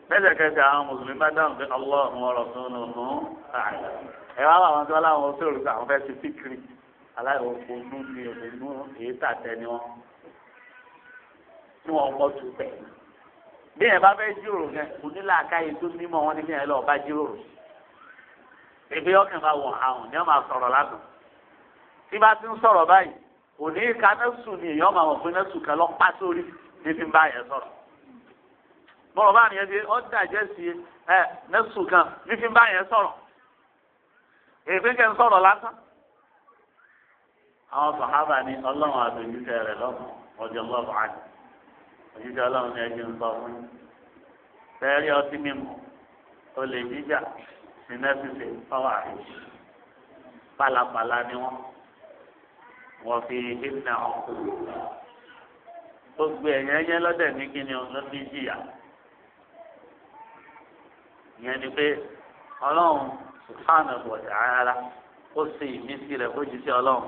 lẹ́sẹ̀kẹsẹ̀ àwọn mùsùlùmí bá dáhùn pé ọlọ́run ọ̀rọ̀ tó ń nù ẹ wá wà wọn tó bí ẹ bá fẹ́ jíròrò yẹn kò ní làákàyè tó mímọ́ wọn ní kí ẹ lọ bá jíròrò ebi ọkàn máa wọ àrùn ni wọn máa sọ̀rọ̀ ládùn tí bá ti ń sọ̀rọ̀ báyìí kò ní ka nẹ́sù ni èèyàn máa wọ̀ fún nẹ́sù kan lọ pa sórí ní fi ń bá yẹn sọ̀rọ̀ mọ̀rọ̀ bá nìyẹn ti ọ́ dàjẹ́ sí ẹ nẹ́sù kan ní fi bá yẹn sọ̀rọ̀ èpè kẹ́ ń sọ̀rọ̀ lásán àwọn sàhábà ni ọlọ́run àtòjútẹ̀ rẹ̀ lọ́kàn ọjọ́ lọ́kàn àti òjijì ọlọ́run ní ẹjẹ ń sọ fún yín fẹ́ẹ́rí ọtí mímu olè jíjà sinẹ́sìsì ọwọ́ àìsí pàlàpàlà ni wọ́n wọ́n fi ìdílé ọkùnrin gbogbo ẹ̀yẹ́ yẹn lọ́dẹ̀ ní kíni ọ̀sán bí jìyà ìyẹn ni pé ọlọ́run subhanahu wa ta'ala ó sì ìmísí rẹ̀ fójú sí ọlọ́run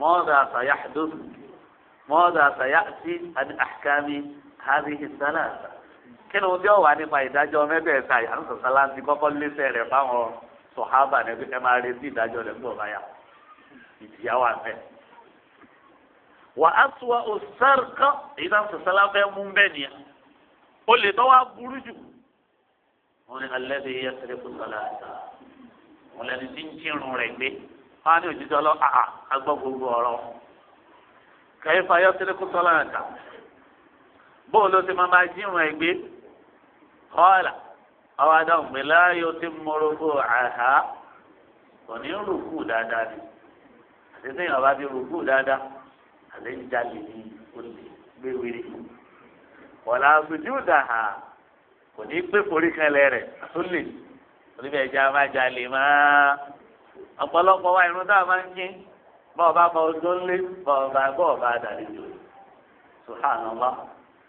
mọ́ọ́dà sàyáàdó mọ́ọ́dà sàyáàtì àti àkàmì. هذه الثلاثة kínú tí ó wà nípa ìdájọ́ mẹ́tẹ̀ẹ̀ta ìyàtọ̀ sọ́lá ti kọ́kọ́ lẹ́sẹ̀ rẹ̀ fáwọn sọ̀hábà níbi ẹ máa retí ìdájọ́ rẹ̀ gbọ́ báyà ìjìyà wà fẹ́. wà á tún wa òsàrkọ́ ìdáhùn sọ́lá fẹ́ mú bẹ́ẹ̀ nìyẹn ó lè tọ́wọ́ burú jù. wọ́n ní alẹ́ bí yẹ kéré kó sọ́lá ta wọ́n lẹ́ni tí ń kírun rẹ̀ gbé wọ́n á ní òjijì ọlọ́ bóun ló ti máa máa jírun ẹ gbé kọ́ọ̀là ọwọ́ adáhùn pé láàyò tí mọ́rọ́gbó àhá kò ní rúkú dáadáa ni àti tí ìyàwó bá ti rúkú dáadáa àti ń jalè ní olè gbéwèrè kọ́ọ̀là àgbèjú dàhà kò ní pé forí kẹlẹ rẹ̀ àtúnlè oníbẹ̀ ẹja máa jalè máa ọ̀pọ̀lọpọ̀ wa irun tá a máa ń yín bọ́ọ̀ bá bọ́ ọdún bọ́ọ̀ bá bọ́ọ̀ bá dàlejò sùhánàlá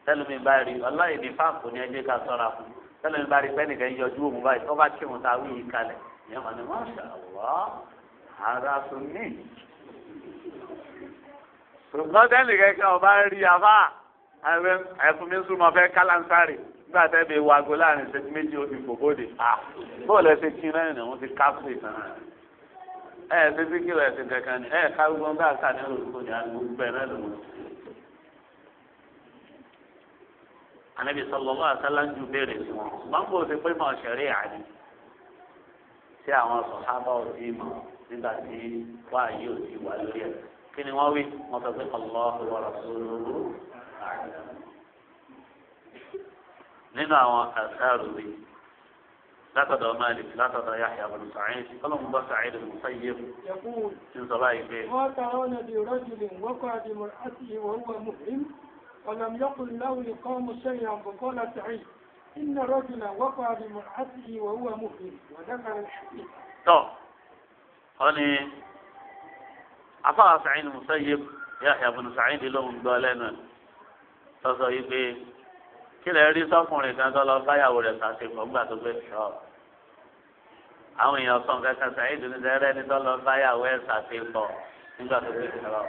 tẹlifí bá rí ọlọ́yìn ní fáàpù ní ẹjẹ́ ká sọ́ra fún tẹlifí bá rí pẹ́nìkan yọjú òun báyìí tó bá kí wọn ta wí yìí kalẹ̀ ìyẹn mọ̀ ní masha Allah ara sùn ní. ṣùgbọ́n tẹnìkan kí ọba rí afá ẹfun mi sùn fẹ́ kálánsárì nígbà tẹ́ bí wago láàrin ṣẹ́tí méjì ó ti fòbóde à bóòlù ẹsẹ̀ kí náà ni wọ́n ti kápù ìtàn ẹ̀ ẹ̀ ṣe sí kí ẹ̀ ṣe kankan ni ẹ̀ káwé gbọ́ngàn ká ní olùkọ́ anabi sallallahu alaihi wasallam ju béèrè sí wọn gbàgbọ́ ti pé mọ̀ ṣẹ̀rí àdì tí àwọn sọ̀hábà ò sí mọ̀ nígbà tí wàá yìí ò sí wà lórí ẹ̀ kí ni wọ́n wí wọ́n sọ pé Allahu wa rasuluhu nínú àwọn àṣàrò rí látọ̀dọ̀ Malik látọ̀dọ̀ Yahya bin Sa'id ọlọ́run bá Sa'id al-Musayyib tí sọ báyìí pé. wọ́n ta ọ́nà bí rọ́jùlì wọ́kọ̀ àti mọ̀ ولم يقل له لقوم شيئا فقال سعيد إن رجلا وقع بمرأته وهو مؤمن وذكر الحديث. أني عطاء سعيد المسيب يحيى بن سعيد لهم بالنا sọsọ yìí pé kí lè rí sọkùnrin kan tó lọ báyàwó rẹ̀ ṣàṣepọ̀ ńgbà tó gbé ṣọ àwọn èèyàn sọ nǹkan kan sàyè ìdùnnú ní tó lọ báyàwó ẹ̀ ṣàṣepọ̀ nígbà tó gbé ṣọ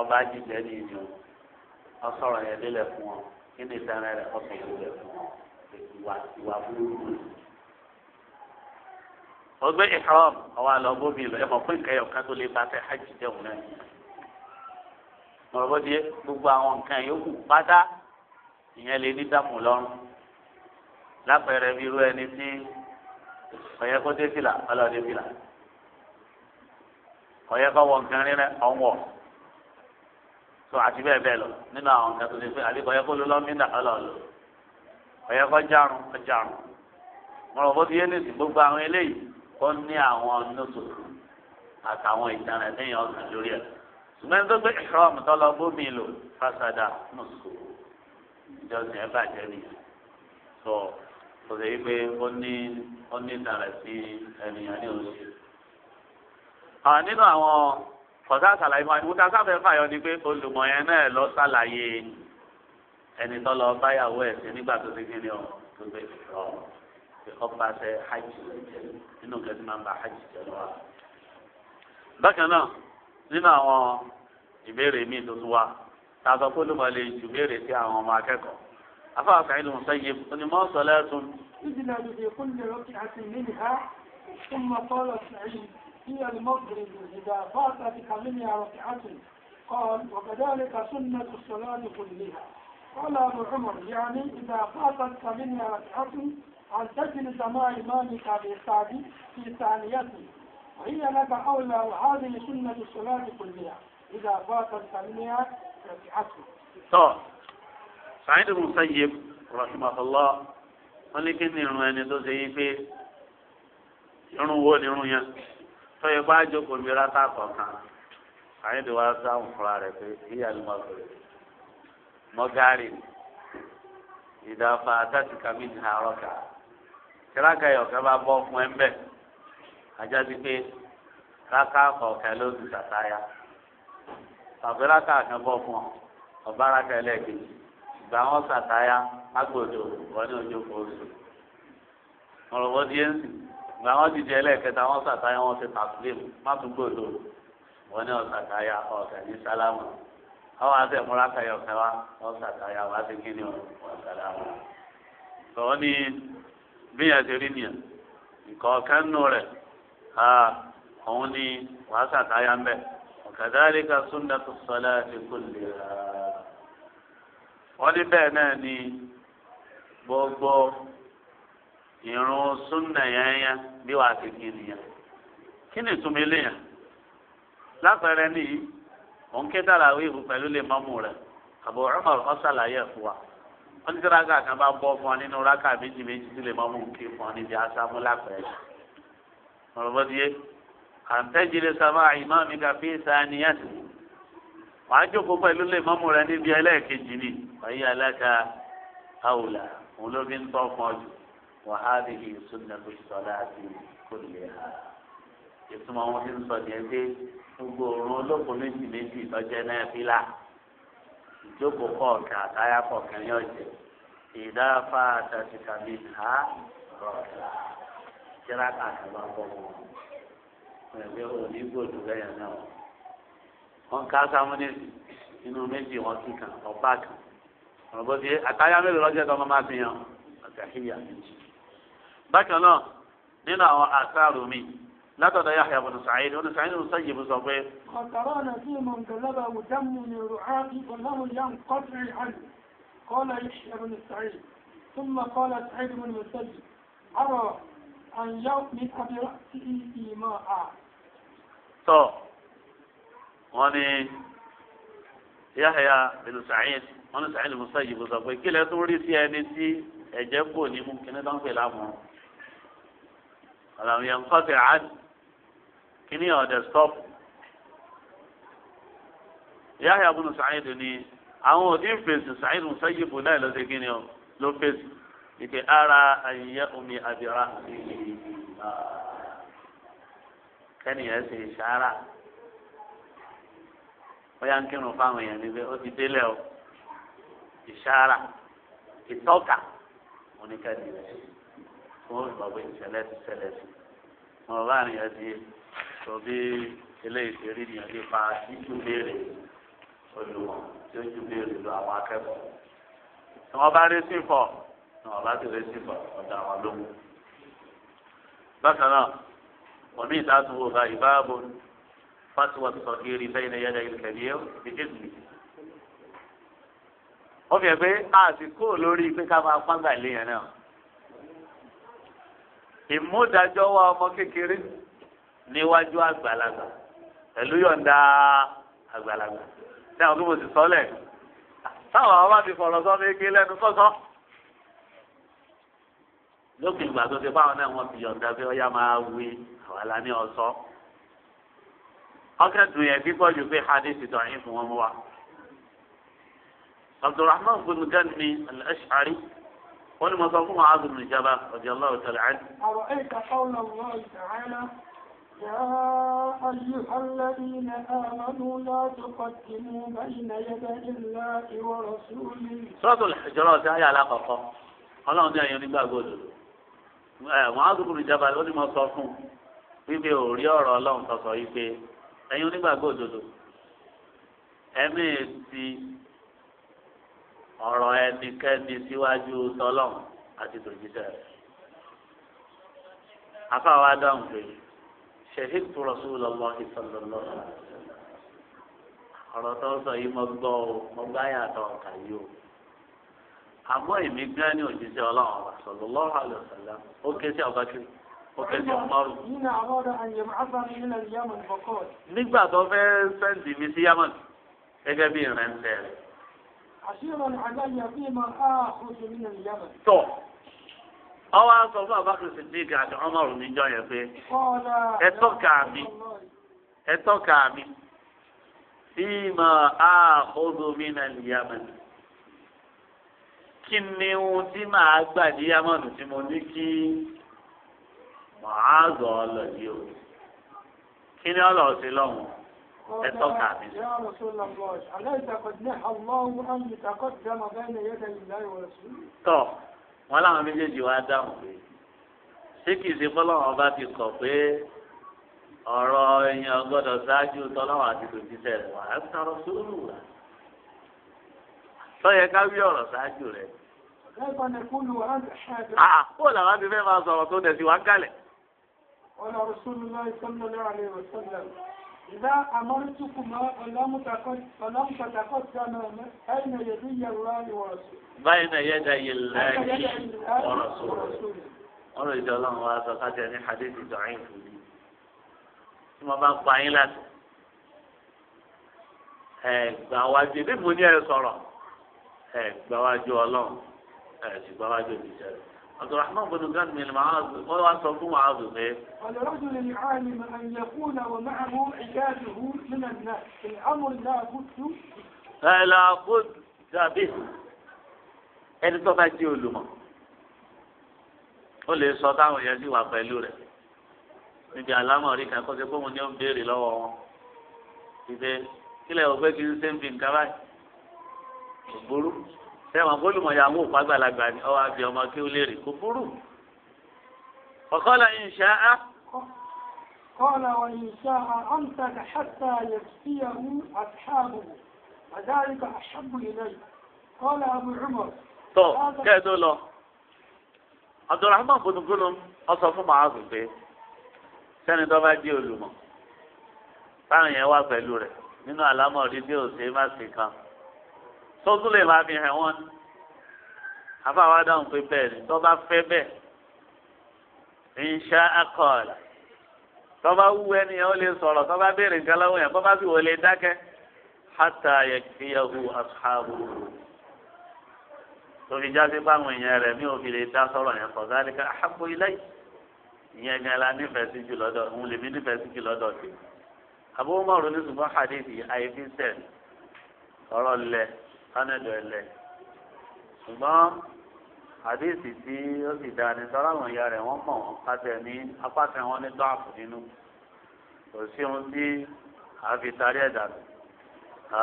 ọba jíjẹ ní ìlú ọsọ̀rọ̀ yẹn lélẹ̀ fún ọ kí ni ìtara rẹ̀ ọsọ̀ yẹn lélẹ̀ fún ọ ìwà ìwà burúkú. ọgbẹ́ ìhọ́m ọwọ́ àlọ́ bómi lọ ẹ mọ̀ pé nǹkan ẹ̀yọ̀ká tó lè ba fẹ́ hajj jẹun náà. mọ̀rọ̀ bọ́dé gbogbo àwọn nǹkan yòókù pátá ìyẹn lè ní dàmú lọ́rùn. lápẹẹrẹ bí irú ẹni tí ọ̀yẹ́ kó dé fìlà ọlọ́ọ̀dé fìlà ọ̀yẹ́ kó wọ nǹkan rírẹ́ ọ̀wọ̀ tó àti bẹ́ẹ̀ bẹ́ẹ̀ lọ nínú àwọn nǹkan tó lè fẹ́ àlébọ̀ ọ̀yẹ́kọ́ ló lọ́mí nà ọlọ́ọ̀lọ́ ọ̀yẹ́kọ́ járun ọjàrun mọ̀rọ̀ bó ti yé nìsín gbogbo àwọn eléyìí kọ́ ní àwọn nùtò àtàwọn ìtàn ẹ̀dẹ́yìn ọ̀sán lórí ẹ̀ ṣùgbọ́n tó gbé ìṣọ́ ọ̀mùtọ́ lọ bómi lò fásádà nùsù ìjọsìn ẹ̀ bàjẹ́ ni sọ kò sí pé ó ní ó ní ìtàn rẹ̀ kọ̀sá sàlàyé mọ́ ìwúta sáfẹ́ fàyọ ni pé olùmọ̀ yẹn náà lọ sàlàyé ẹni tó lọ báyàwó ẹ̀ sí nígbà tó ti kíni ọ tó gbé ọ ọba ṣe hajj nínú kẹsì máa ń ba hajj jẹ lọ wa. bákan náà nínú àwọn ìbéèrè míì tó tún wá ta sọ pé olùmọ̀ lè ju béèrè sí àwọn ọmọ akẹ́kọ̀ọ́ afáà sàyìn ló ń sẹ́yìn onímọ̀ sọlẹ́tún. ìdílé àdúgbò kúndé rọ́kì àti ìlú هي المغرب إذا فاتتك منها ركعة قال وكذلك سنة الصلاة كلها قال أبو عمر يعني إذا فاتتك منها ركعة أن تجلس مع إمامك بإحسان في ثانيته وهي لك أولى وهذه سنة الصلاة كلها إذا فاتتك منها ركعة. طيب. سعيد بن مسيب رحمه الله ولكن يرون أن تزيفي يرون هو يرون tọ́yẹ bá jókòó mi rákà kọ̀ọ̀kan àyẹ̀dẹ̀ wa sáwọn fúnra rẹ̀ pé ìyá ni mo fẹ́ mọ́gárì ìdáfà àtàtì kàmí ní àárọ̀ kà kíláàkà ìyọ̀kẹ́ bá bọ́ fún ẹ mbẹ́ àjáde pé rákà kọ̀ọ̀kan ló ti sàtáyà tàbí rákà kan bọ́ fún ọ ọba rákà ẹlẹ́gbẹ̀ẹ́ ìgbà wọn sàtáyà agbòdo wọn ní ojú kò sùn ọ̀rọ̀ wọ́n ń sìn ìgbà wọn dìde ẹlẹ́ẹ̀kẹta wọn sàtáyà wọn ti tàbílẹ̀ má tún gbòòdò wọn ní ọ̀sàtáyà ọ̀sẹ̀ ní sálámù àwọn àti ẹ̀múra kayọ̀ kẹwa ọ̀sàtáyà wọn àti kíni ọ̀sàlámù. sọ̀rọ̀ ní bí rí nìyẹn nǹkan kẹ́nu rẹ̀ òun ni wàá sàtáyà ń bẹ̀ ọ̀kadàlẹ́ ka súnà tó sọlá ti kú lè rà. wọ́n ní bẹ́ẹ̀ náà ni gbogbo ìrun súnà yẹn yẹn bí wàá fi kí nìyẹn kí ni ìtumọ̀ eléyàn lápẹẹrẹ nìyí òun ké dára wíwù pẹ̀lú lè mọ́mú rẹ̀ àbò ọmọ rẹ̀ ṣàlàyé fún wa wọ́n ti rákà kan bá bọ́ fún ọ nínú rákà méjì méjì tí lè mọ́mú kí fún ọ níbi asámú lápẹẹrẹ mọ̀lọ́bọ́díyé àǹtẹ́jìlẹ̀ sábà ìmọ̀ mi kà fi sàníyàtì wàá jókòó pẹ̀lú lè mọ́mú rẹ̀ níbi ẹlẹ́ẹ̀kejì ni wàá yí aláka àwùlà òun ló fi ń tọ́ fún ọ jù وهذه سنة الصلاة كلها ìtumọ̀ wọn ti ń sọ ní ẹgbẹ́ gbogbo òórùn olóko méjì méjì ìtọ́jẹ́ náà fílà ìjókòó kọ̀ọ̀kan àtàyà kọ̀ọ̀kan yóò jẹ ìdáfà àtàtìkàmí ha rọ̀ọ̀tà kíra kàkà bá bọ̀ wọn ẹgbẹ́ onígbòdù lẹ́yìn náà wọn ká sámúnẹ́sì inú méjì wọn tún kàn ọ̀bá kan ọ̀bọ̀dé àtàyà mélòó lọ́jọ́ tó máa fi hàn àtàkìyà méjì bákan náà nínú àwọn àṣàrò mi látọ̀dọ̀ Yahya ibn Sa'id ibn Sa'id ibn Sayyib sọ pé. ọ̀tọ̀rọ̀ ọ̀nà tí mo ń tọ́lọ́bà wò dámú ni rò á bí ọlọ́run yá ń kọ́ sí àlù kọ́lá Yahya ibn Sa'id ثم قال pé kílẹ̀ tó rí sí ẹni tí ẹ̀jẹ̀ kò ní mú kíní tó ń ọ̀làwọn yẹn kọ́ sí àádì kíní ọ̀dẹ̀ stop. Yahya ibn Sa'id ni àwọn òdì fèsì Sa'id Musayyib náà lọ́sẹ̀ kíní ọ ló fèsì ìpè ara ayẹyẹ omi àbíra kẹ́nìyàn ṣe ìṣàrà bóyá ń kírun fáwọn èèyàn níbẹ̀ ó ti délẹ̀ o ìṣàrà ìtọ́ka oníkẹ́ni rẹ̀ ṣe wọn ò gbàgbé ìṣẹ̀lẹ̀ ti ṣẹlẹ̀ sí wọn bá rìn ẹdí tó bí eléyìí ti rí nìyẹn nípa títú béèrè olùmọ tí ó ju béèrè lọ àwọn akẹ́kọ̀ọ́ tí wọn bá rí sífọ tí wọn bá ti rí sífọ ọdọ àwọn lóhùn bákan náà omi ìdáàtú wo ba ìbáàbò fásitì wọn sọ kiri bẹ́ẹ̀ ni yẹ́dẹ̀ ìkẹ̀lẹ́ yẹ́ bí kéde wọ́n fi ẹ̀ pé a sì kó lórí pé ká máa pàgbà ilé yẹn náà ìmúdájọ́ wa ọmọ kékeré níwájú àgbàlagbà pẹ̀lú yọ̀ǹda àgbàlagbà ní àwọn tó mo sì sọ́lẹ̀ táwọn àwọn bá ti fọ̀rọ̀ sọ ní ike lẹ́nu sọ́sọ́ lókè ìgbà tó ti fáwọn náà wọ́n fi yọ̀ǹda pé ọ̀yá máa wí àwọn alání ọ̀sọ́ ọkẹ́ dùn yẹn kíkọ́ ju pé hadith tó àyìn fún wọn mú wa. Abdulrahman bin Ganmi al-Ash'ari wọ́n ní mo sọ fún wa azùn ní ìjábá ọ̀dì ọlọ́run tẹ̀lé àdì. ọ̀rọ̀ ẹ̀ ka fáwọn ọmọ ìtàhánà يا أيها الذين آمنوا لا تقدموا بين يدي الله ورسوله سورة الحجرات آية على قفا ọlọ́run ní ayọ̀ nígbà gbọdọ̀ wọ́n á dùkú ìjábá ló ní mo sọ fún wípé ò ọ̀rọ̀ ọlọ́run sọ̀sọ̀ yìí pé ẹ̀yin onígbàgbọ́ òdodo ẹ̀mí ti ọ̀rọ̀ ẹnikẹ́ni síwájú tọ́lọ́n àti tòjíṣẹ́ rẹ̀. afáwa dáhùn pé ṣèhíd tó Rasulullahi sallallahu alaihi wasallam ọ̀rọ̀ tó sọ yìí mo gbọ́ o mo gbá yàtọ̀ ọ̀kà yìí o. àmọ́ èmi gán ní òjíṣẹ́ ọlọ́run ọ̀rọ̀ sallallahu alaihi wasallam ó ké sí ọ̀gá kiri ó ké sí ọ̀pọ̀rù. nígbà tó fẹ́ sẹ́ǹdì mi sí yámọ̀n gẹ́gẹ́ bí ìrẹ́ńtẹ́ rẹ̀ tọ́ ọwọ́ á sọ fún abakar sidik àti ọmọrùn níjọ yẹn pé ẹ tọ́ka mi ẹ tọ́ka mi fíìmọ̀ àkóso mi nà lìyàmẹ̀ kí ni ohun tí màá gbà níyàmọ̀nù tí mo ní kí màá zọ̀ ọ lọ yìí o kí ni ọlọ́ọ̀sẹ̀ lọ́hùn-ún ẹ̀tọ́ tàbí. tọ́ wọn láwọn méjèèjì wá dáhùn pé ṣé kìí ṣe fọlọ́wọ́n bá ti kọ̀ pé ọ̀rọ̀ ẹ̀yìn ọgọ́dọ̀ ṣáájú tọ́lọ́wọ́ àti tòjíṣẹ́ rẹ̀ wà á sọ̀rọ̀ sóòlù rà lọ́yẹ ká wí ọ̀rọ̀ ṣáájú rẹ̀. àpò ah, ah, làwọn ti fẹ́ máa sọ̀rọ̀ tó tẹ̀síwá kálẹ̀. ọ̀nà Rasulullah sallallahu alaihi wasallam ìdá àmọ́rítùkùmọ́ ọlọ́mùtàkọ́sọ́nà ẹ̀yìn ẹ̀yẹ̀dí yẹ̀rọ ìwọ̀rọ̀sù. báyìí náà yẹ́dá yẹ lẹ́yìn ọ̀rọ̀sù ọ̀rọ̀ ìjọ ọlọ́run wa sọ kájẹ ní hadithi dọ̀rin fún mi tí wọ́n bá pa yín láti ẹ̀ gbà wájú bí mo ní ẹ sọ̀rọ̀ ẹ̀ gbà wájú ọlọ́run ẹ̀ sì gbà wájú òbí sẹ́rẹ̀ abdulrahman bin gan mi màá wọ́n wá sọ fún màá zù pé. ọ̀lọ́rọ̀jù lè ní àmì mà ń yẹ kú náà wọ́n máa mú ìjáde hu nínú ìlà ìhámù ìlà àkútù. ẹ là ó lè sọ táwọn yẹn sì wà pẹ̀lú rẹ̀ níbi àlámọ̀rí kan kó ṣe pé òun ni ó ń béèrè lọ́wọ́ wọn ìgbé kílẹ̀ ògbé kí n ṣe ń fi nǹkan báyìí kò burú sẹ́wọ̀n gbólùmọ̀ yà wò pàgbàlagbà ni ọwọ́ àbí ọmọ kí ó lè rí kó burú. ọ̀kọ́lá yìí ṣá á. kọ́lá wà yìí ṣá á ń tàkà ṣàtà yẹ sí ẹ̀hún àtàbù àdáríkà àṣàbù ìlẹ́yìn kọ́lá abu umar. tó kẹ́ẹ̀dó lọ abdulrahman gbóngbóngbó ọsọ fún màáfù pé sẹ́ni tó bá di olùmọ̀ táwọn yẹn wá pẹ̀lú rẹ̀ nínú àlámọ̀ rí bí òsè tó tún lè máa fi hàn wọ́n afáwa dáhùn pé bẹ́ẹ̀ ni tó bá fẹ́ bẹ́ẹ̀ ńṣá akọọlà tó bá wú ẹni yẹn ó lè sọ̀rọ̀ tó bá béèrè nǹkan lọ́wọ́ yẹn bó bá sì wọlé dákẹ́ hátà yẹ kí yahu asuhabu tóbi jáde báwọn èèyàn rẹ̀ mi ò fi lè dá sọ̀rọ̀ yẹn kọ sáré ká àpò ilé ìyẹn gan la nífẹ̀ẹ́ sí jù lọ́dọ̀ òun lèmi nífẹ̀ẹ́ sí jù lọ́dọ̀ sí àbúrò mọ̀rún ní ṣùgbọ́n hadith yìí fi sẹ́ẹ̀ ọ̀rọ̀ lẹ̀ sánẹ̀dọ̀ ẹlẹ̀ ṣùgbọ́n àdéhìsì tí ó sì dáa ní sọ́láwọn ìyá rẹ̀ wọ́n mọ̀ wọ́n pàtẹ ní apákan wọn ní dọ́àpù nínú kò sí ohun tí a fi tarí ẹ̀dà ha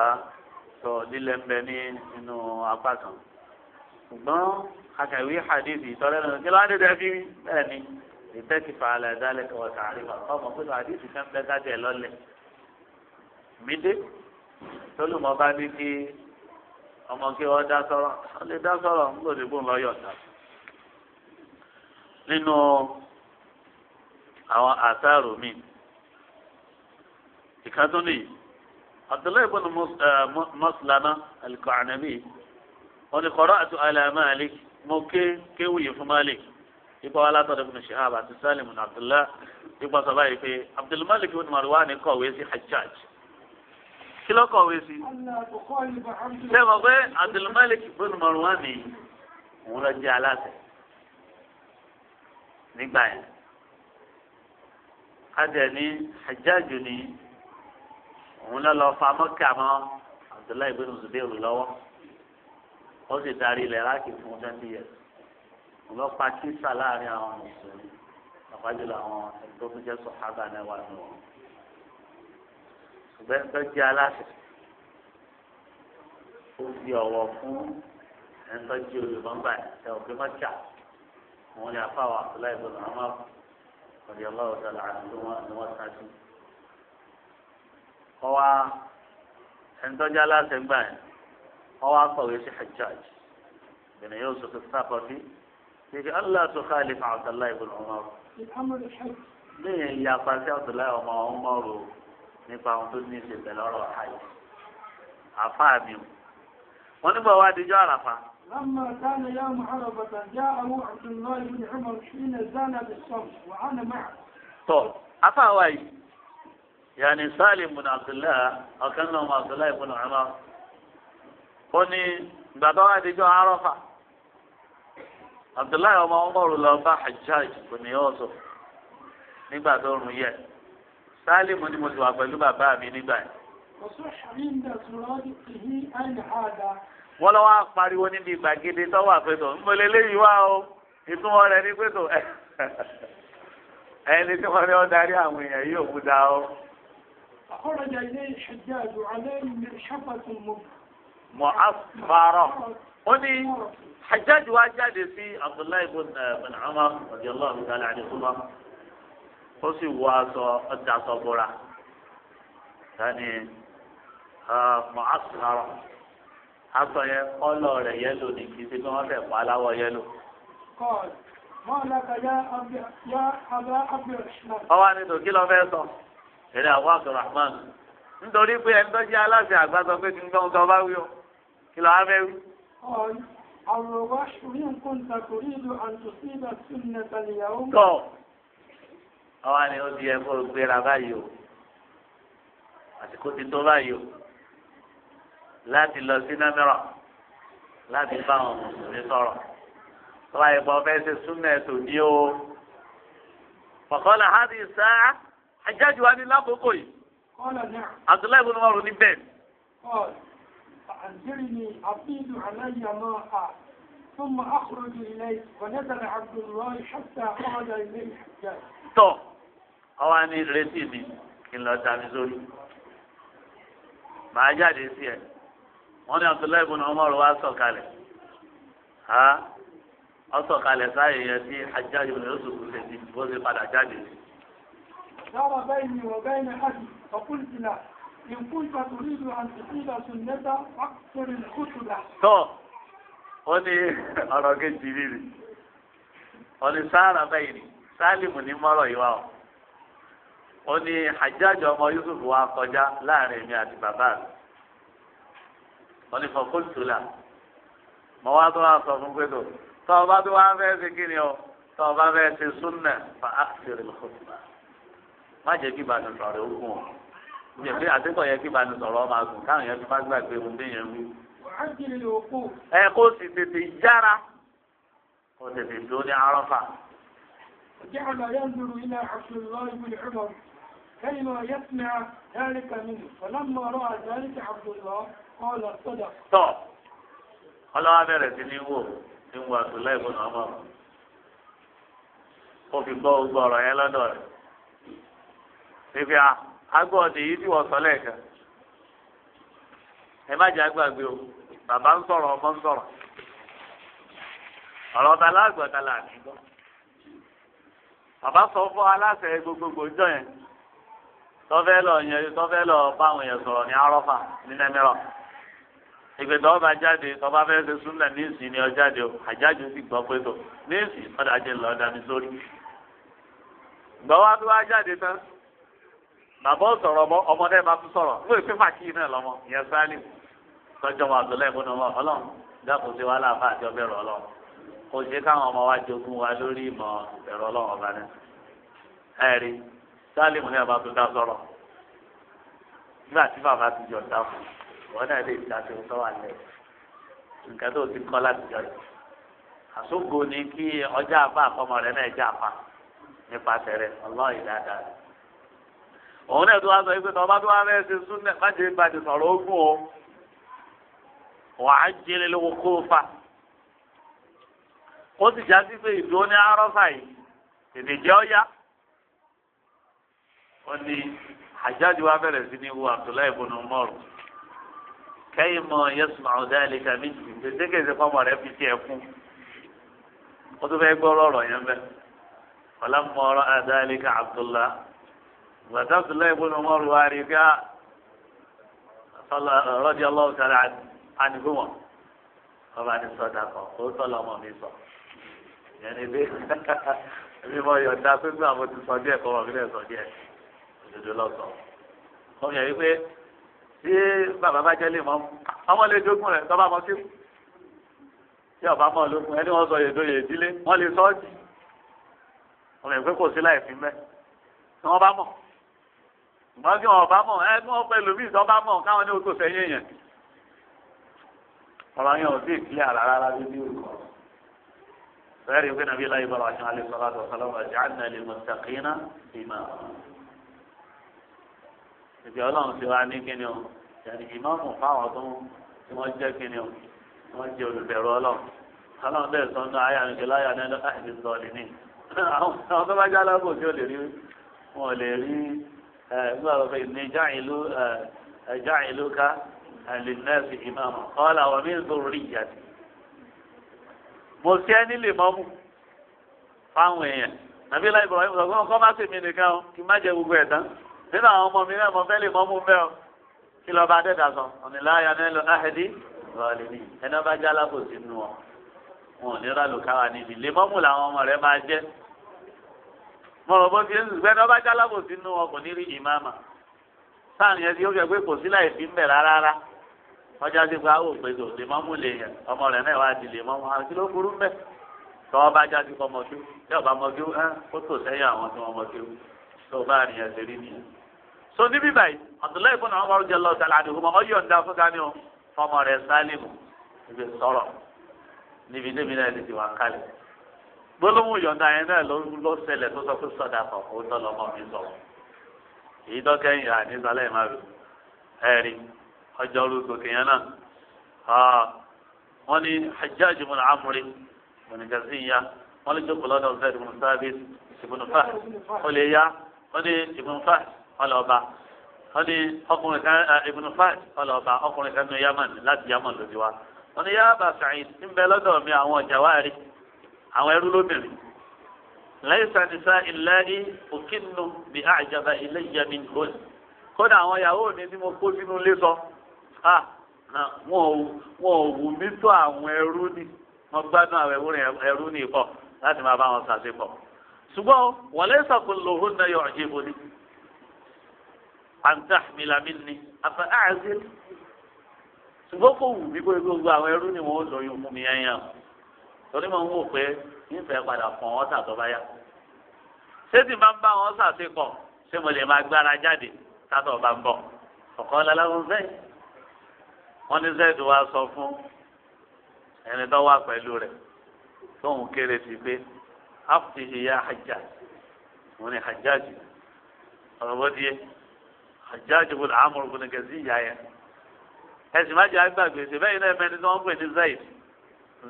sọ lílẹ̀ ń bẹ ní inú apákan ṣùgbọ́n akẹ̀wé àdéhìsì ìtọ́lẹ́ lọ́nà kí ló wá dé fi bẹ́ẹ̀ ni ìtẹ́kìfà alẹ́ dálẹ́ kọ̀ọ̀ tààrí wà fọ́ọ̀mù pé àdéhìsì kan ọmọ kí wọ́n dá sọ́rọ̀ wọ́n lè dá sọ́rọ̀ ń lò dìbò lọ́yọ̀ ta. nínú àwọn àtàrò mi ìkàtún nìyí abdullahi ibn maslama eh, al-qanabi wọ́n ní qara'tu ala malik mo ké kéwìyì fún malik ipa wa látọ̀dọ̀ ibn shihab àti salim ibn abdullah ipa sọ báyìí pé abdulmalik ibn marwan kọ̀wé sí hajjaj kí ló kọ̀wé sí i ṣé mọ̀ pé Abdulmalik bin Marwan ni òun lọ jẹ́ aláṣẹ nígbà yẹn adẹ ní Hajjaj ni òun lọ lọ fa mọ́kà mọ́ Abdullahi bin Zubairu lọ́wọ́ ó sì darí ilẹ̀ láti fún twenty years òun lọ pa kíṣà láàrin àwọn mùsùlùmí àpájùlọ àwọn ẹgbẹ́ tó jẹ́ sọ̀hábà náà wà nù wọn ṣùgbọ́n tó jẹ́ aláṣẹ ó fi ọ̀wọ̀ fún ẹni tó jẹ́ olùmọ̀gbà ẹ̀ ọ̀gbẹ́ mọ́tà wọn ni afa wa abdullahi bin amar ọ̀dì ọlọ́wọ́ sọ̀rọ̀ àdúgbò ni wọ́n sá sí. ọwa ẹni tó jẹ́ aláṣẹ gbà yẹn ọwa kọ̀wé sí hajjaj bìnrin yóò sọ fún sápọ̀tì kìkì allah tó káàlì fún abdullahi bin amar. lẹ́yìn ìyá apá sí abdullahi ọmọ ọmọ nípa ohun tó ní í ṣe pẹ̀lú ọ̀rọ̀ ayé àfa mi o wọ́n nígbà wá dijọ́ àràfà. لما كان يوم عرفة جاءه عبد الله بن عمر حين زال بالشمس وأنا معه. طب عفا واي يعني سالم بن عبد الله أو كان لهم عبد الله بن عمر. قلني بعد واحد جاء عرفة. عبد الله بن عمر لو باع حجاج بن يوسف. nígbà tó rùn yẹ sálímù ni mo ti wà pẹ̀lú bàbá mi nígbà yẹn. wọ́n lọ́wọ́ apariwo níbi gbàgede tọ́wọ́ àpẹtọ̀ ń bọ̀lẹ̀ léyìí wá o ìtumọ̀ rẹ̀ ní pẹ̀tọ̀ ẹni tí wọ́n ní ọ́ darí àwọn èèyàn yìí òkú da o. mọ̀ á farọ̀ ó ní Hajjaj wá jáde sí Abdullahi bin eh, Umar radiyallahu ta'ala ó sì wọ aṣọ ọjà sọgbọra sani mọ́àsùnárọ̀ aṣọ yẹn kọ́lọ̀ rẹ̀ yẹ́lò ní kí sí bí wọ́n fẹ́ pa aláwọ̀ yẹ́lò. ọwọ́ ni tòkí lọ fẹ́ sọ èrè àwọn abdulrahman nítorí pé ẹni tó jẹ́ aláṣẹ àgbà sọ pé kí n gbọ́n tó bá wí o kí lọ́ọ́ fẹ́ wí. àwọn ọ̀rọ̀ wá ṣùgbọ́n kò ń ta kò rí ìlú àtúnṣe ìgbà tó ń nẹ̀ta nìyàwó ọwọ́ ni ó di ẹ kó gbéra báyìí o àsìkò ti tó báyìí o láti lọ sí námẹ́rọ̀ láti bá àwọn mùsùlùmí sọ̀rọ̀ tọ́lá ìbọn fẹ́ ṣe súnmọ́ ẹ̀ tó ní o. Fọ̀kọ́lá hádì sáá ajájú wa ní lákòókò yìí. Abdullahi bin Umaru ní bẹ́ẹ̀. أنزلني عبيد علي ماء ثم أخرج إليه ونزل عبد الله حتى قعد إليه حجاج ọwọ́ ní retí mi kí n lọ ta mi sórí màá jáde sí ẹ wọ́n ní Abdullahi ibn Umar wá sọ̀kalẹ̀ ha ọ sọ̀kalẹ̀ sáyé yẹn sí Hajjaj ibn Yusuf ṣe ti bó ṣe padà jáde. dára bẹ́ẹ̀ ni wọ́n bẹ́ẹ̀ ni hajj ọkùnrin náà ìkúnta torí ìlú àti ìlú àti nẹ́ta fàkìtìrì kùtùlà. tọ́ ó ní ọ̀rọ̀ kejì rírì ọ̀nì sáárà bẹ́ẹ̀ ni sálìmù ní mọ́rọ̀ ìwà ọ̀ ó ní hajjaj ọmọ yusuf wa kọjá láàrin mi àti bàbá mi wọ́n ní fọkúntùlà mọ wá tó wá sọ fún gbẹdọ tọ ọba tó wá fẹẹ ṣe kí ni ọ tọ ọba fẹẹ ṣe súnà fa àṣírí lọkọtùmá má jẹ kí ìbànú sọ̀rọ̀ ogun ọ jẹ pé àtẹkọ yẹ kí ìbànú sọ̀rọ̀ ọmọ àgùn káwọn yẹn fi má gbàgbé ohun téèyàn wí. ẹ kó sì tètè yára kó tètè dúró ní arọ́fà. ìjà àlàyé ń dúró ilé àṣírí lọ́ọ́ ìwé ìrọ̀rùn. كلمة يسمع ذلك منه فلما رأى ذلك عبد الله قال صدق طب ọlọ́wọ́ bẹ̀rẹ̀ sí ní wò ní wo àtúlẹ̀ ìbùnà fi gbọ́ gbọ́ ọ̀rọ̀ yẹn lọ́dọ̀ rẹ̀ níbi àgọ́ ọ̀dẹ̀ yìí ti wọ̀ sọ́lẹ̀ kan ẹ má jẹ́ àgbàgbé o bàbá ń sọ̀rọ̀ ọmọ ń sọ̀rọ̀ ọ̀rọ̀ ta là ní gbọ́ bàbá sọ fún aláṣẹ tọ́fẹ́ lọ yẹn tọ́fẹ́ lọ báwọn yẹn sọ̀rọ̀ ní arọ́fà ní nẹ́mẹ́rọ̀ ìgbẹ̀dọ̀ ọba jáde tọba fẹ́ ṣe súnlẹ̀ ní ìsìn ni ọjáde o àjájú sì gbọ́ pé tó ní ìsìn ọ̀dà jẹ́ lọ dání sórí. gbọ́wá tó wá jáde tán bàbá sọ̀rọ̀ mọ́ ọmọdé máa tún sọ̀rọ̀ lóò pé fàkì náà lọ́mọ ìyẹn sáálì tọ́jọ́ wọn àtọ́lẹ̀ ìbọn ọlọ́run dákun sálẹ̀mù ní àbátó dá sọ̀rọ̀ nígbà tí bàbá ti jọ dá fún wọn náà lè dá tó tọ́ wà lẹ̀ nǹkan tó ti kọ́ láti jọ yìí àsógo ni kí ọjà àbá àkọ́mọ rẹ náà jẹ́ àpá nípasẹ̀ rẹ ọlọ́ọ̀yì dáadáa òun náà tó wá sọ pé tọ́ba tó wá fẹ́ ṣe súnẹ̀ má jẹ́ ìbàdí sọ̀rọ̀ ogún o wàá jẹ́lẹ̀ lówó kó o fa ó sì já sí pé ìdúró ní arọ́fà yìí èdè jẹ́ ọ́ yá wọ́n ní àjáde wa bẹ̀rẹ̀ sí ní wo abdullahi ibn umar kẹ́yìn mọ yẹ́sùn àwùjá ilé kàmí gbèdékèsè fọmọ rẹ fi tiẹ̀ kú ó tún fẹ́ gbọ́ ọ̀rọ̀ yẹn bẹ́ẹ̀ wọ́lá mọ ọ̀rọ̀ àdáyé ká abdullahi gbàtà abdullahi ibn umar wà rí ká rọ́dí ọlọ́wọ́ sáré àníkú wọn ọba ní sọdá kan ó tọ́lọ́ ọmọ mi sọ yẹn ni bí bí mo yọ̀ǹda pé gbà mo ti sọ díẹ̀ kọ́ wọn fi lè sọ díẹ̀ òdodo lọ́sọ̀ wọ́n yẹ wípé tí bàbá bá jẹ́ lè mọ́ ọmọ lè jogún rẹ̀ tọ́ba mọ́ sí tí ọba mọ́ lókun ẹni wọ́n sọ yèdò yèdílé wọ́n lè sọ́ọ̀tì wọ́n yẹ pé kò sí láì fi mẹ́ tí wọ́n bá mọ̀ ṣùgbọ́n kí wọ́n bá mọ̀ ẹ tí wọ́n pẹ́ lómi ìtọ́ bá mọ̀ káwọn ní oṣù sẹ́yìn yẹn ọ̀rọ̀ yẹn ò sí ìpínlẹ̀ àrà rárá bíbí òkú فارق بين أبي الله إبراهيم عليه الصلاة والسلام وجعلنا للمتقين ìgbẹ́ ọlọ́run ti wá ní kíni o ìyàní ìmọ̀ọ́mù fáwọn tó tí wọ́n jẹ́ kíni o tí wọ́n jẹ́ olùbẹ̀rù ọlọ́run ọlọ́run bẹ́ẹ̀ sọ ní ayé àrùn ìjọláyà ní ẹlọ́ àìsí sọ̀lì ní àwọn tó bá já lábò tí ó lè rí wọn ò lè rí ẹgbẹ́ ọ̀fẹ́ ní já ìlú ká àlìmẹ́sì ìmọ̀ọ́mù kọ́lá wọn mí lórí rí ìyàtì mo ṣe ẹ́ nílé mọ́mù fáwọn èèyàn nàbí láì bọ̀ ọ́ kọ́ má sèmi nìkan kí má jẹ gbogbo ẹ̀ tán nínú àwọn ọmọ mi náà mo fẹ́ lè mọ́ mú mẹ́ o kí lọ́ọ́ bá dẹ́ta sọ ọ̀nìláyà náà lọ náà ẹ̀dí lọ́ọ̀lì ni ẹ̀nà bá já alábòsí nu wọn wọn ò ní rà lùkáwà níbi lè mọ́ mú làwọn ọmọ rẹ máa jẹ́ mo rò bó ti ń gbẹ́ náà bá já alábòsí nu wọn kò ní rí ìmáàmà sáàni yẹn ti ó fẹ́ pé kò sí láì fi ń bẹ̀ rárá rárá ọjà ti pa ó pé lè mọ́ mú lè ọmọ rẹ náà wá tó ní bíbá yìí Abdullahi ibn Umar radiyallahu ta'ala anhuma ọ̀yọ̀ǹda fún gani o fọmọ rẹ̀ Sálímù ibi sọ̀rọ̀ níbi níbi náà ti wà kálí gbólóhùn yọ̀ǹda yẹn náà ló ṣẹlẹ̀ tó sọ pé sọ̀dà kan ó tọ́ lọ́mọ mi sọ èyí dọ́kẹ́yìn àníṣálẹ̀ máa rò ẹ̀rí ọjọ́ orí gòkè yẹn náà wọ́n ní Hajjaj ibn Amr ibn Jaziyya wọ́n lè jókòó lọ́dọ̀ Zayd ibn Thabit ibn Fahd ó lè wọ́n ní ibn Fahd ọlọ́ba wọ́n ní ọkùnrin kan eh, ibùdó fáàdì ọlọ́ba ọkùnrin kan ní yamani láti yamani lójú wa wọ́n ní yaba sàyìn ń bẹ lọ́dọ̀ mi àwọn ọjà wa rí àwọn ẹrú lóbìnrin lẹ́yìn sàdísà ìlẹ́rí òkìnnú bí àjàbá ilé yẹmi hol kódà àwọn ìyàwó mi ni mo kó sínú ilé sọ ah, wọn ò wù mí tó àwọn ẹrú ni wọn gbádùn àwọn ẹrú ni ìpọ láti máa bá wọn ṣàṣepọ̀ ṣùgbọ́n wọ́n lẹ́sàkó lòun náà yọ ọ̀jẹ̀ ìbò àǹtá mílámí ni àfẹ àzẹ ṣùgbọ́n kò wù mí pé gbogbo àwọn ẹrú ni wọ́n lóyún fún mi yẹn yẹn torí mo ń wò pé nífẹ̀ẹ́ padà fún wọn sàtọ́ bá yá ṣé tí bá ń bá wọn sàṣekọ̀ ṣé mo lè máa gbára jáde sátọ̀ bá ń bọ̀ ọ̀kan lalágun bẹ́ẹ̀ wọ́n ní zed wa sọ fún ẹni tó wà pẹ̀lú rẹ̀ tóun kéré sí pé áfìhìyà hajjaj mo ní hajjaj ọ̀rọ̀ bó di yé. Hajjaj ibn Amr ibn Gaziya yẹn ẹsìn má jẹ àgbàgbé ṣe bẹ́ẹ̀ iná ẹ̀mẹ́ni tí wọ́n ń pè ní Zaid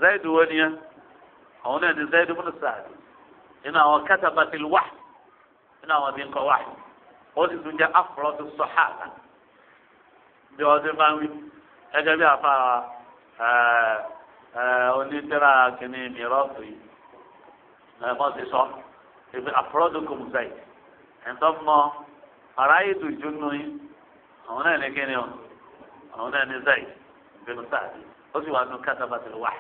Zaid wo ni yẹn àwọn náà ní Zaid ibn Sa'd nínú àwọn katabatil wahyi nínú àwọn tí ń kọ wahyi ó sì tún jẹ́ afrọ́tù sọ̀háàtà bí wọ́n ti máa ń wí gẹ́gẹ́ bí àfa onítẹ̀rà kìíní mìíràn yìí wọ́n ti sọ afrọ́tù kùmù Zaid ẹ̀ ń tọ́ mọ́ àráyé tó jó nù yín àwọn náà ní kíni o àwọn náà ní zayi bínú sáàdì ó sì wà nù kátàbàtì wà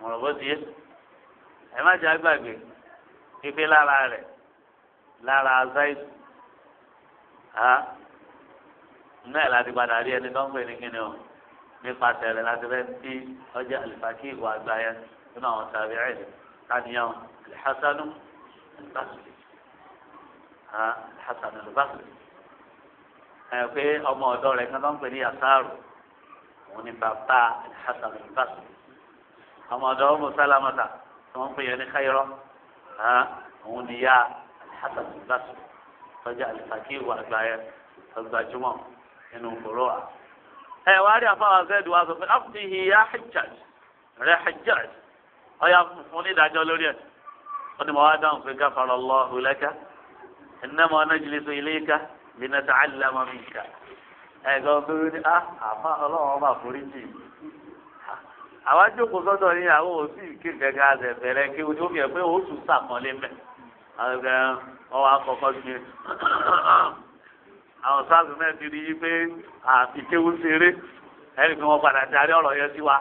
mọ̀rọ̀ bó ti yé ẹ má jẹ́ àgbàgbé pípé lára rẹ̀ lára zayi ha náà láti padà rí ẹni tó ń pè ní kíni o nípasẹ̀ rẹ̀ láti rẹ̀ tí ọjà àlìfàkì ìwà àgbáyé nínú àwọn sàbẹ̀rẹ̀ káníyàn alhassanu albasri. Hasan al-Basri ẹ pé ọmọ ọ̀dọ̀ rẹ̀ kan tó ń pè ní Yasaru òun ni bàbá Hasan al-Basri ọmọ ọ̀dọ̀ ọmọ sálámàtà tó ń pè yẹn ní Khayra òun ni ya Hasan al-Basri tọ́jà alifakí wà gbáyẹ ọgbàjúmọ̀ nínú kòró wa. ẹ wá rí àfọwọ́ azẹ́dù wa sọ pé áfíhì ya Hajjaj rẹ Hajjaj ọ̀ya fún ní ìdájọ́ lórí ẹ̀ ó ní mo wá dáhùn pé gáfàrọ̀ lọ́hùn lẹ́kẹ́. إنما نجلس إليك لنتعلم منك ẹ̀gbọ́n bíi ní a ah, àmọ́ ọlọ́run máa forí jì sọ́dọ̀ ní àwọn òsì bẹ̀rẹ̀ kí pé o tún sàkọlé mẹ́ ọwọ́ àwọn sáàsì náà ti rí i pé ẹni wọ́n padà darí ọ̀rọ̀ yẹn sí wa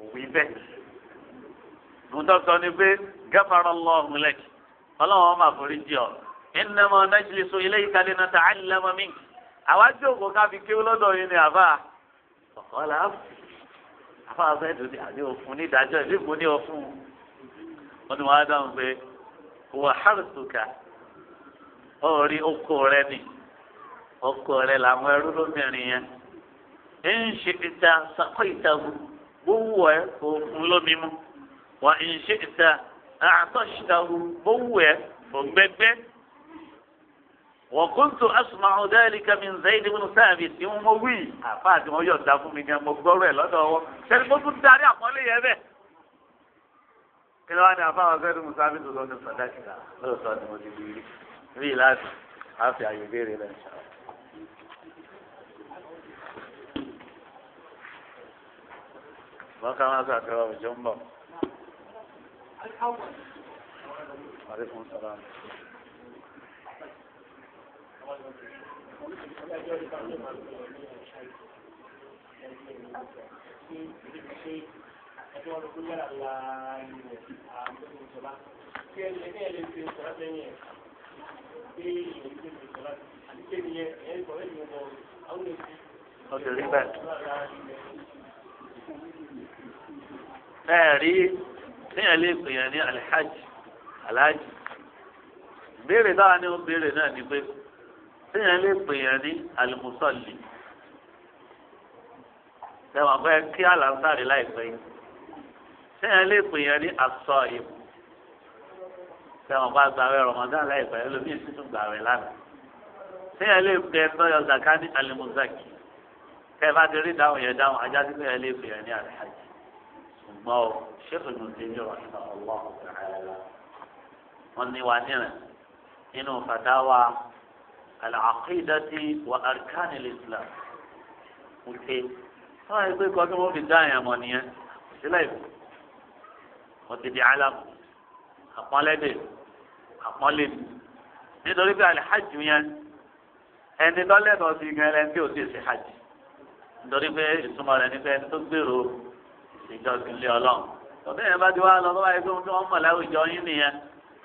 òwì bẹ́ẹ̀. sọ ni pé lọ́ọ̀mù lẹ́kì máa forí jì innama najlisu ilayka ile mink àwa jókòó ká fi kéwú lọ́dọ̀ yìí ni àbá ọ̀kọ́lá àbá ni àbí òfun ní ìdájọ́ ìdìbò ní òfun wọn ni wọn á ni oko rẹ làwọn ẹrú lómìnirin yẹn ń ṣe ìta sakọ ìtagun gbówó ẹ وكنت أسمع ذلك من زيد بن ثابت يوموي أفاد ما يدعى من مقبرة لا دعوة سلمت الداري أقول يا به كلا أنا أفاد زيد بن ثابت ولون الصدق لا صدق ما تبيلي في لا عافية يبيري إن شاء الله ما كان هذا كلام جنبه عليكم السلام ọ̀sẹ̀ rí bẹ́ẹ̀. ẹ rí téèyàn lè pèèyàn ní alhaji alhaji béèrè táwa ní ó béèrè náà ni pé téèyàn lè pèèyàn ní alimusọ́ọ̀lì lẹ́wọ̀n afẹ́ kí àlàntàrí láìpẹ́ yìí téèyàn lè pèèyàn ní asọ́ọ̀yì lẹ́wọ̀n bá gbàwé rọmọdán láìpẹ́ ẹlòmíì sì tún gbàwé lánàá téèyàn lè pè ẹ́ tọ́yọ̀ zaka ní alimusaki kẹ́ẹ̀ bá ti rí dáhùn yẹn dáhùn ajá sí téèyàn lè pèèyàn ní alhaji ṣùgbọ́n o ṣètò ní ti yọ̀ ọ̀ṣun ọlọ́run wọn ni wà nírìn nínú fàdáwà àlàkídàtì wà àrkánì islam wípé wọn àyè pé kọ́ kí wọ́n fi dá àyàn mọ̀ nìyẹn sílẹ̀ ìbò wọ́n ti di alámù àpọ́nlẹ́dẹ̀ àpọ́nlẹ́ nítorí pé alihajj yẹn ẹni lọ́lẹ́dọ̀ sí gan ẹni tí ò sì ṣe hajj nítorí pé ìtumọ̀ rẹ̀ ní pé ẹni tó gbèrò ìjọsìn lé ọlọ́run tọ́tẹ́ yẹn bá ti wá lọ lọ́wọ́ ẹgbẹ́ tí wọ́n mọ̀ láwùjọ yín nìyẹn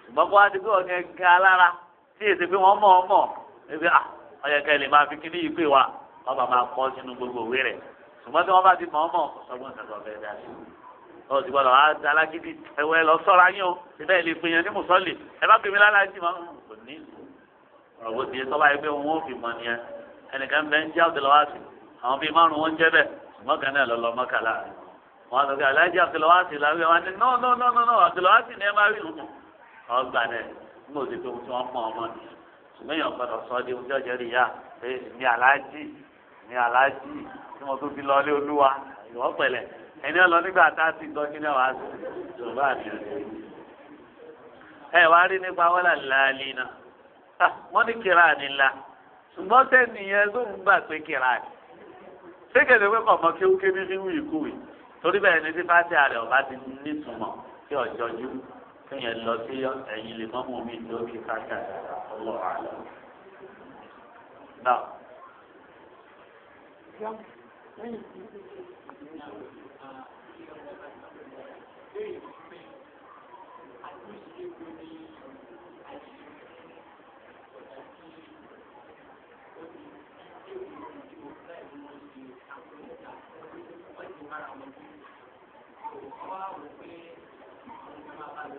ṣùgbọ́n kó wá ti pé ọ̀gẹ̀gẹ̀ alára tí èsì pé wọ́n mọ̀ ọ́ mọ̀ ebi ah ọyẹ kẹ lè máa fi kíní yìí pè wá wọn bá máa kọ sínú gbogbo òwe rẹ ṣùgbọ́n tí wọ́n bá ti mọ̀ ọ́ mọ̀ ọgbọ́n ṣẹ̀ṣọ̀ fẹ́ dá sí ọ ti gbọ́dọ̀ wá alágídí ẹ̀wẹ́ lọ sọ́ra yín o ìbẹ́ ilé pé yẹn ní mùsọ́lì ẹ bá gbèmí lálá jì máa ń kò ní ọ̀rọ̀ bó ti yẹ tọ́ba yẹ pé wọn ò fi mọ nìyẹn ẹnìkan bẹ́ẹ̀ ń jẹ́ Abdulwasi àwọn bíi márùn wọn ń jẹ́ no no no no Abdulwasi ni ẹ máa rí ọgbà náà ń gbòdì pé ṣùgbọ́n èèyàn sọ di ojú ọjọ́ rí ya pé mi aláàjì mi aláàjì tí mo tó fi lọ ilé olúwa ìwọ́ pẹ̀lẹ́ ẹni ọ̀lọ́ nígbà tá a ti gbọ́ kí náà wá sí yorùbá mi ẹ wá rí nípa wọ́n là náà wọ́n ní kíra ni la ṣùgbọ́n sẹ́ni yẹn ló gbà pé kíra ni. ṣé kẹ̀lé pé kọ̀ kéwúké ní fíwú ìkúwì torí bẹ́ẹ̀ ni tí fásitì àrẹ ọ̀bá ti nítumọ̀ kí ọ̀jọ́jú kéèyàn lọ sí ẹ̀yìn lè mọ́mú mi lórí fásitì àrẹ الله أعلم نعم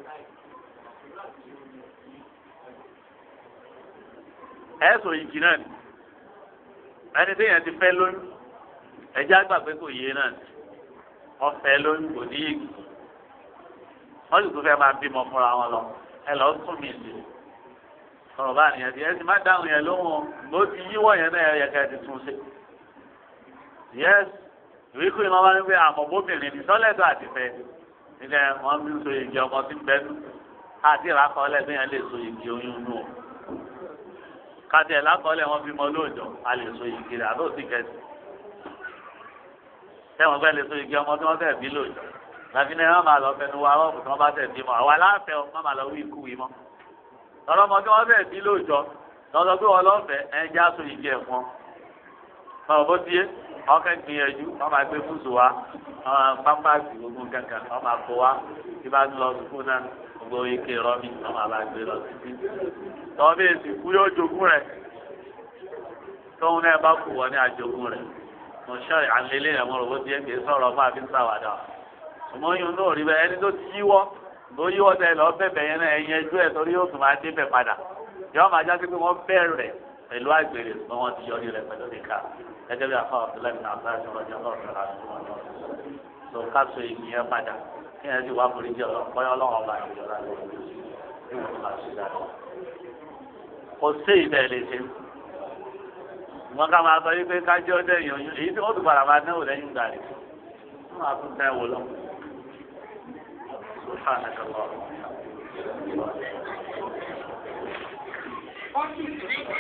Thank you. ẹ̀sùn ìjì náà ni ẹni tí yẹn ti fẹ́ lóyún ẹ̀jẹ̀ àgbà pé kò yé náà ni wọ́n fẹ́ lóyún kò ní yìí wọ́n sì tún fẹ́ máa bímọ fúnra wọn lọ ẹ lọ sùn mí sí ọ̀rọ̀ bá nìyẹn ti ẹ sì má dáhùn yẹn lóhùn ló ti yíwọ́ yẹn náà yẹ ká ẹ ti tún ṣe yẹs ìwé kúrin máa ń gbé àmọ̀bóbìnrin ní sọ́lẹ̀dọ̀ àtìfẹ́ nílẹ̀ wọ́n ń so igi ọkọ tí ń àti ìrakọ̀ ọlẹ́gbẹ̀yẹn lè so igi oyún nù ọ́ kátẹ lákọọlẹ wọn bímọ lóòjọ́ a lè so igi rẹ àbẹ òsì kẹsì tẹwọn fẹẹ lè so igi ọmọ tí wọn fẹẹ bí lóòjọ́ làbí náà má lọ fẹnu wa ọ̀pọ̀ tí wọn bá tẹ̀ bímọ àwa láàfẹ ọ má má lọ wí ikú wí mọ tọlọmọ tí wọn fẹẹ bí lóòjọ́ lọsọ pé wọn lọfẹ ẹ já so igi ẹ fún ọ bó tiẹ̀ ọkẹ gbìyànjú wọn máa gbé fúsù wa pampasi gbogbo kankan wọn máa kó wa tí ń lọ sùkúl náà gbogbo yín kí rọ́bì ọmọ alágbé lọ títí tọ́ bí èsì kú yóò jogún rẹ̀ tóun náà bá kù wọ́n ní àjogún rẹ̀ mo ṣọ́ àlélẹ́ rẹ̀ mo rò ó di ẹgbẹ́ sọ̀rọ̀ máa fi ń sàwádà ṣùgbọ́n yóò náà rí bẹ́ẹ̀ ẹni tó ti yíwọ́ tó yíwọ́ tẹ lọ bẹ̀bẹ̀ yẹn náà ẹ̀yẹ ẹjọ́ ẹ̀ torí yóò tún máa dé bẹ̀ padà yóò máa já sí pé wọ́n bẹ̀rẹ̀ pẹ̀lú àgbèrè ṣùgbọ́n wọ́n ti yọ ní rẹ̀ pẹ̀lú nìka kí ti wá forí jẹ ọlọ́pàá ọlọ́run ọba ìjọba ló ń bí wọn bá ṣe dáadáa. kò sí ìbẹ̀ lè ṣe wọn ká máa sọ yí pé kájọ dẹ̀yìn oyún èyí tí wọn tún padà máa náwó lẹ́yìn ìgbà rẹ̀ wọn máa tún tẹ́ wọ lọ.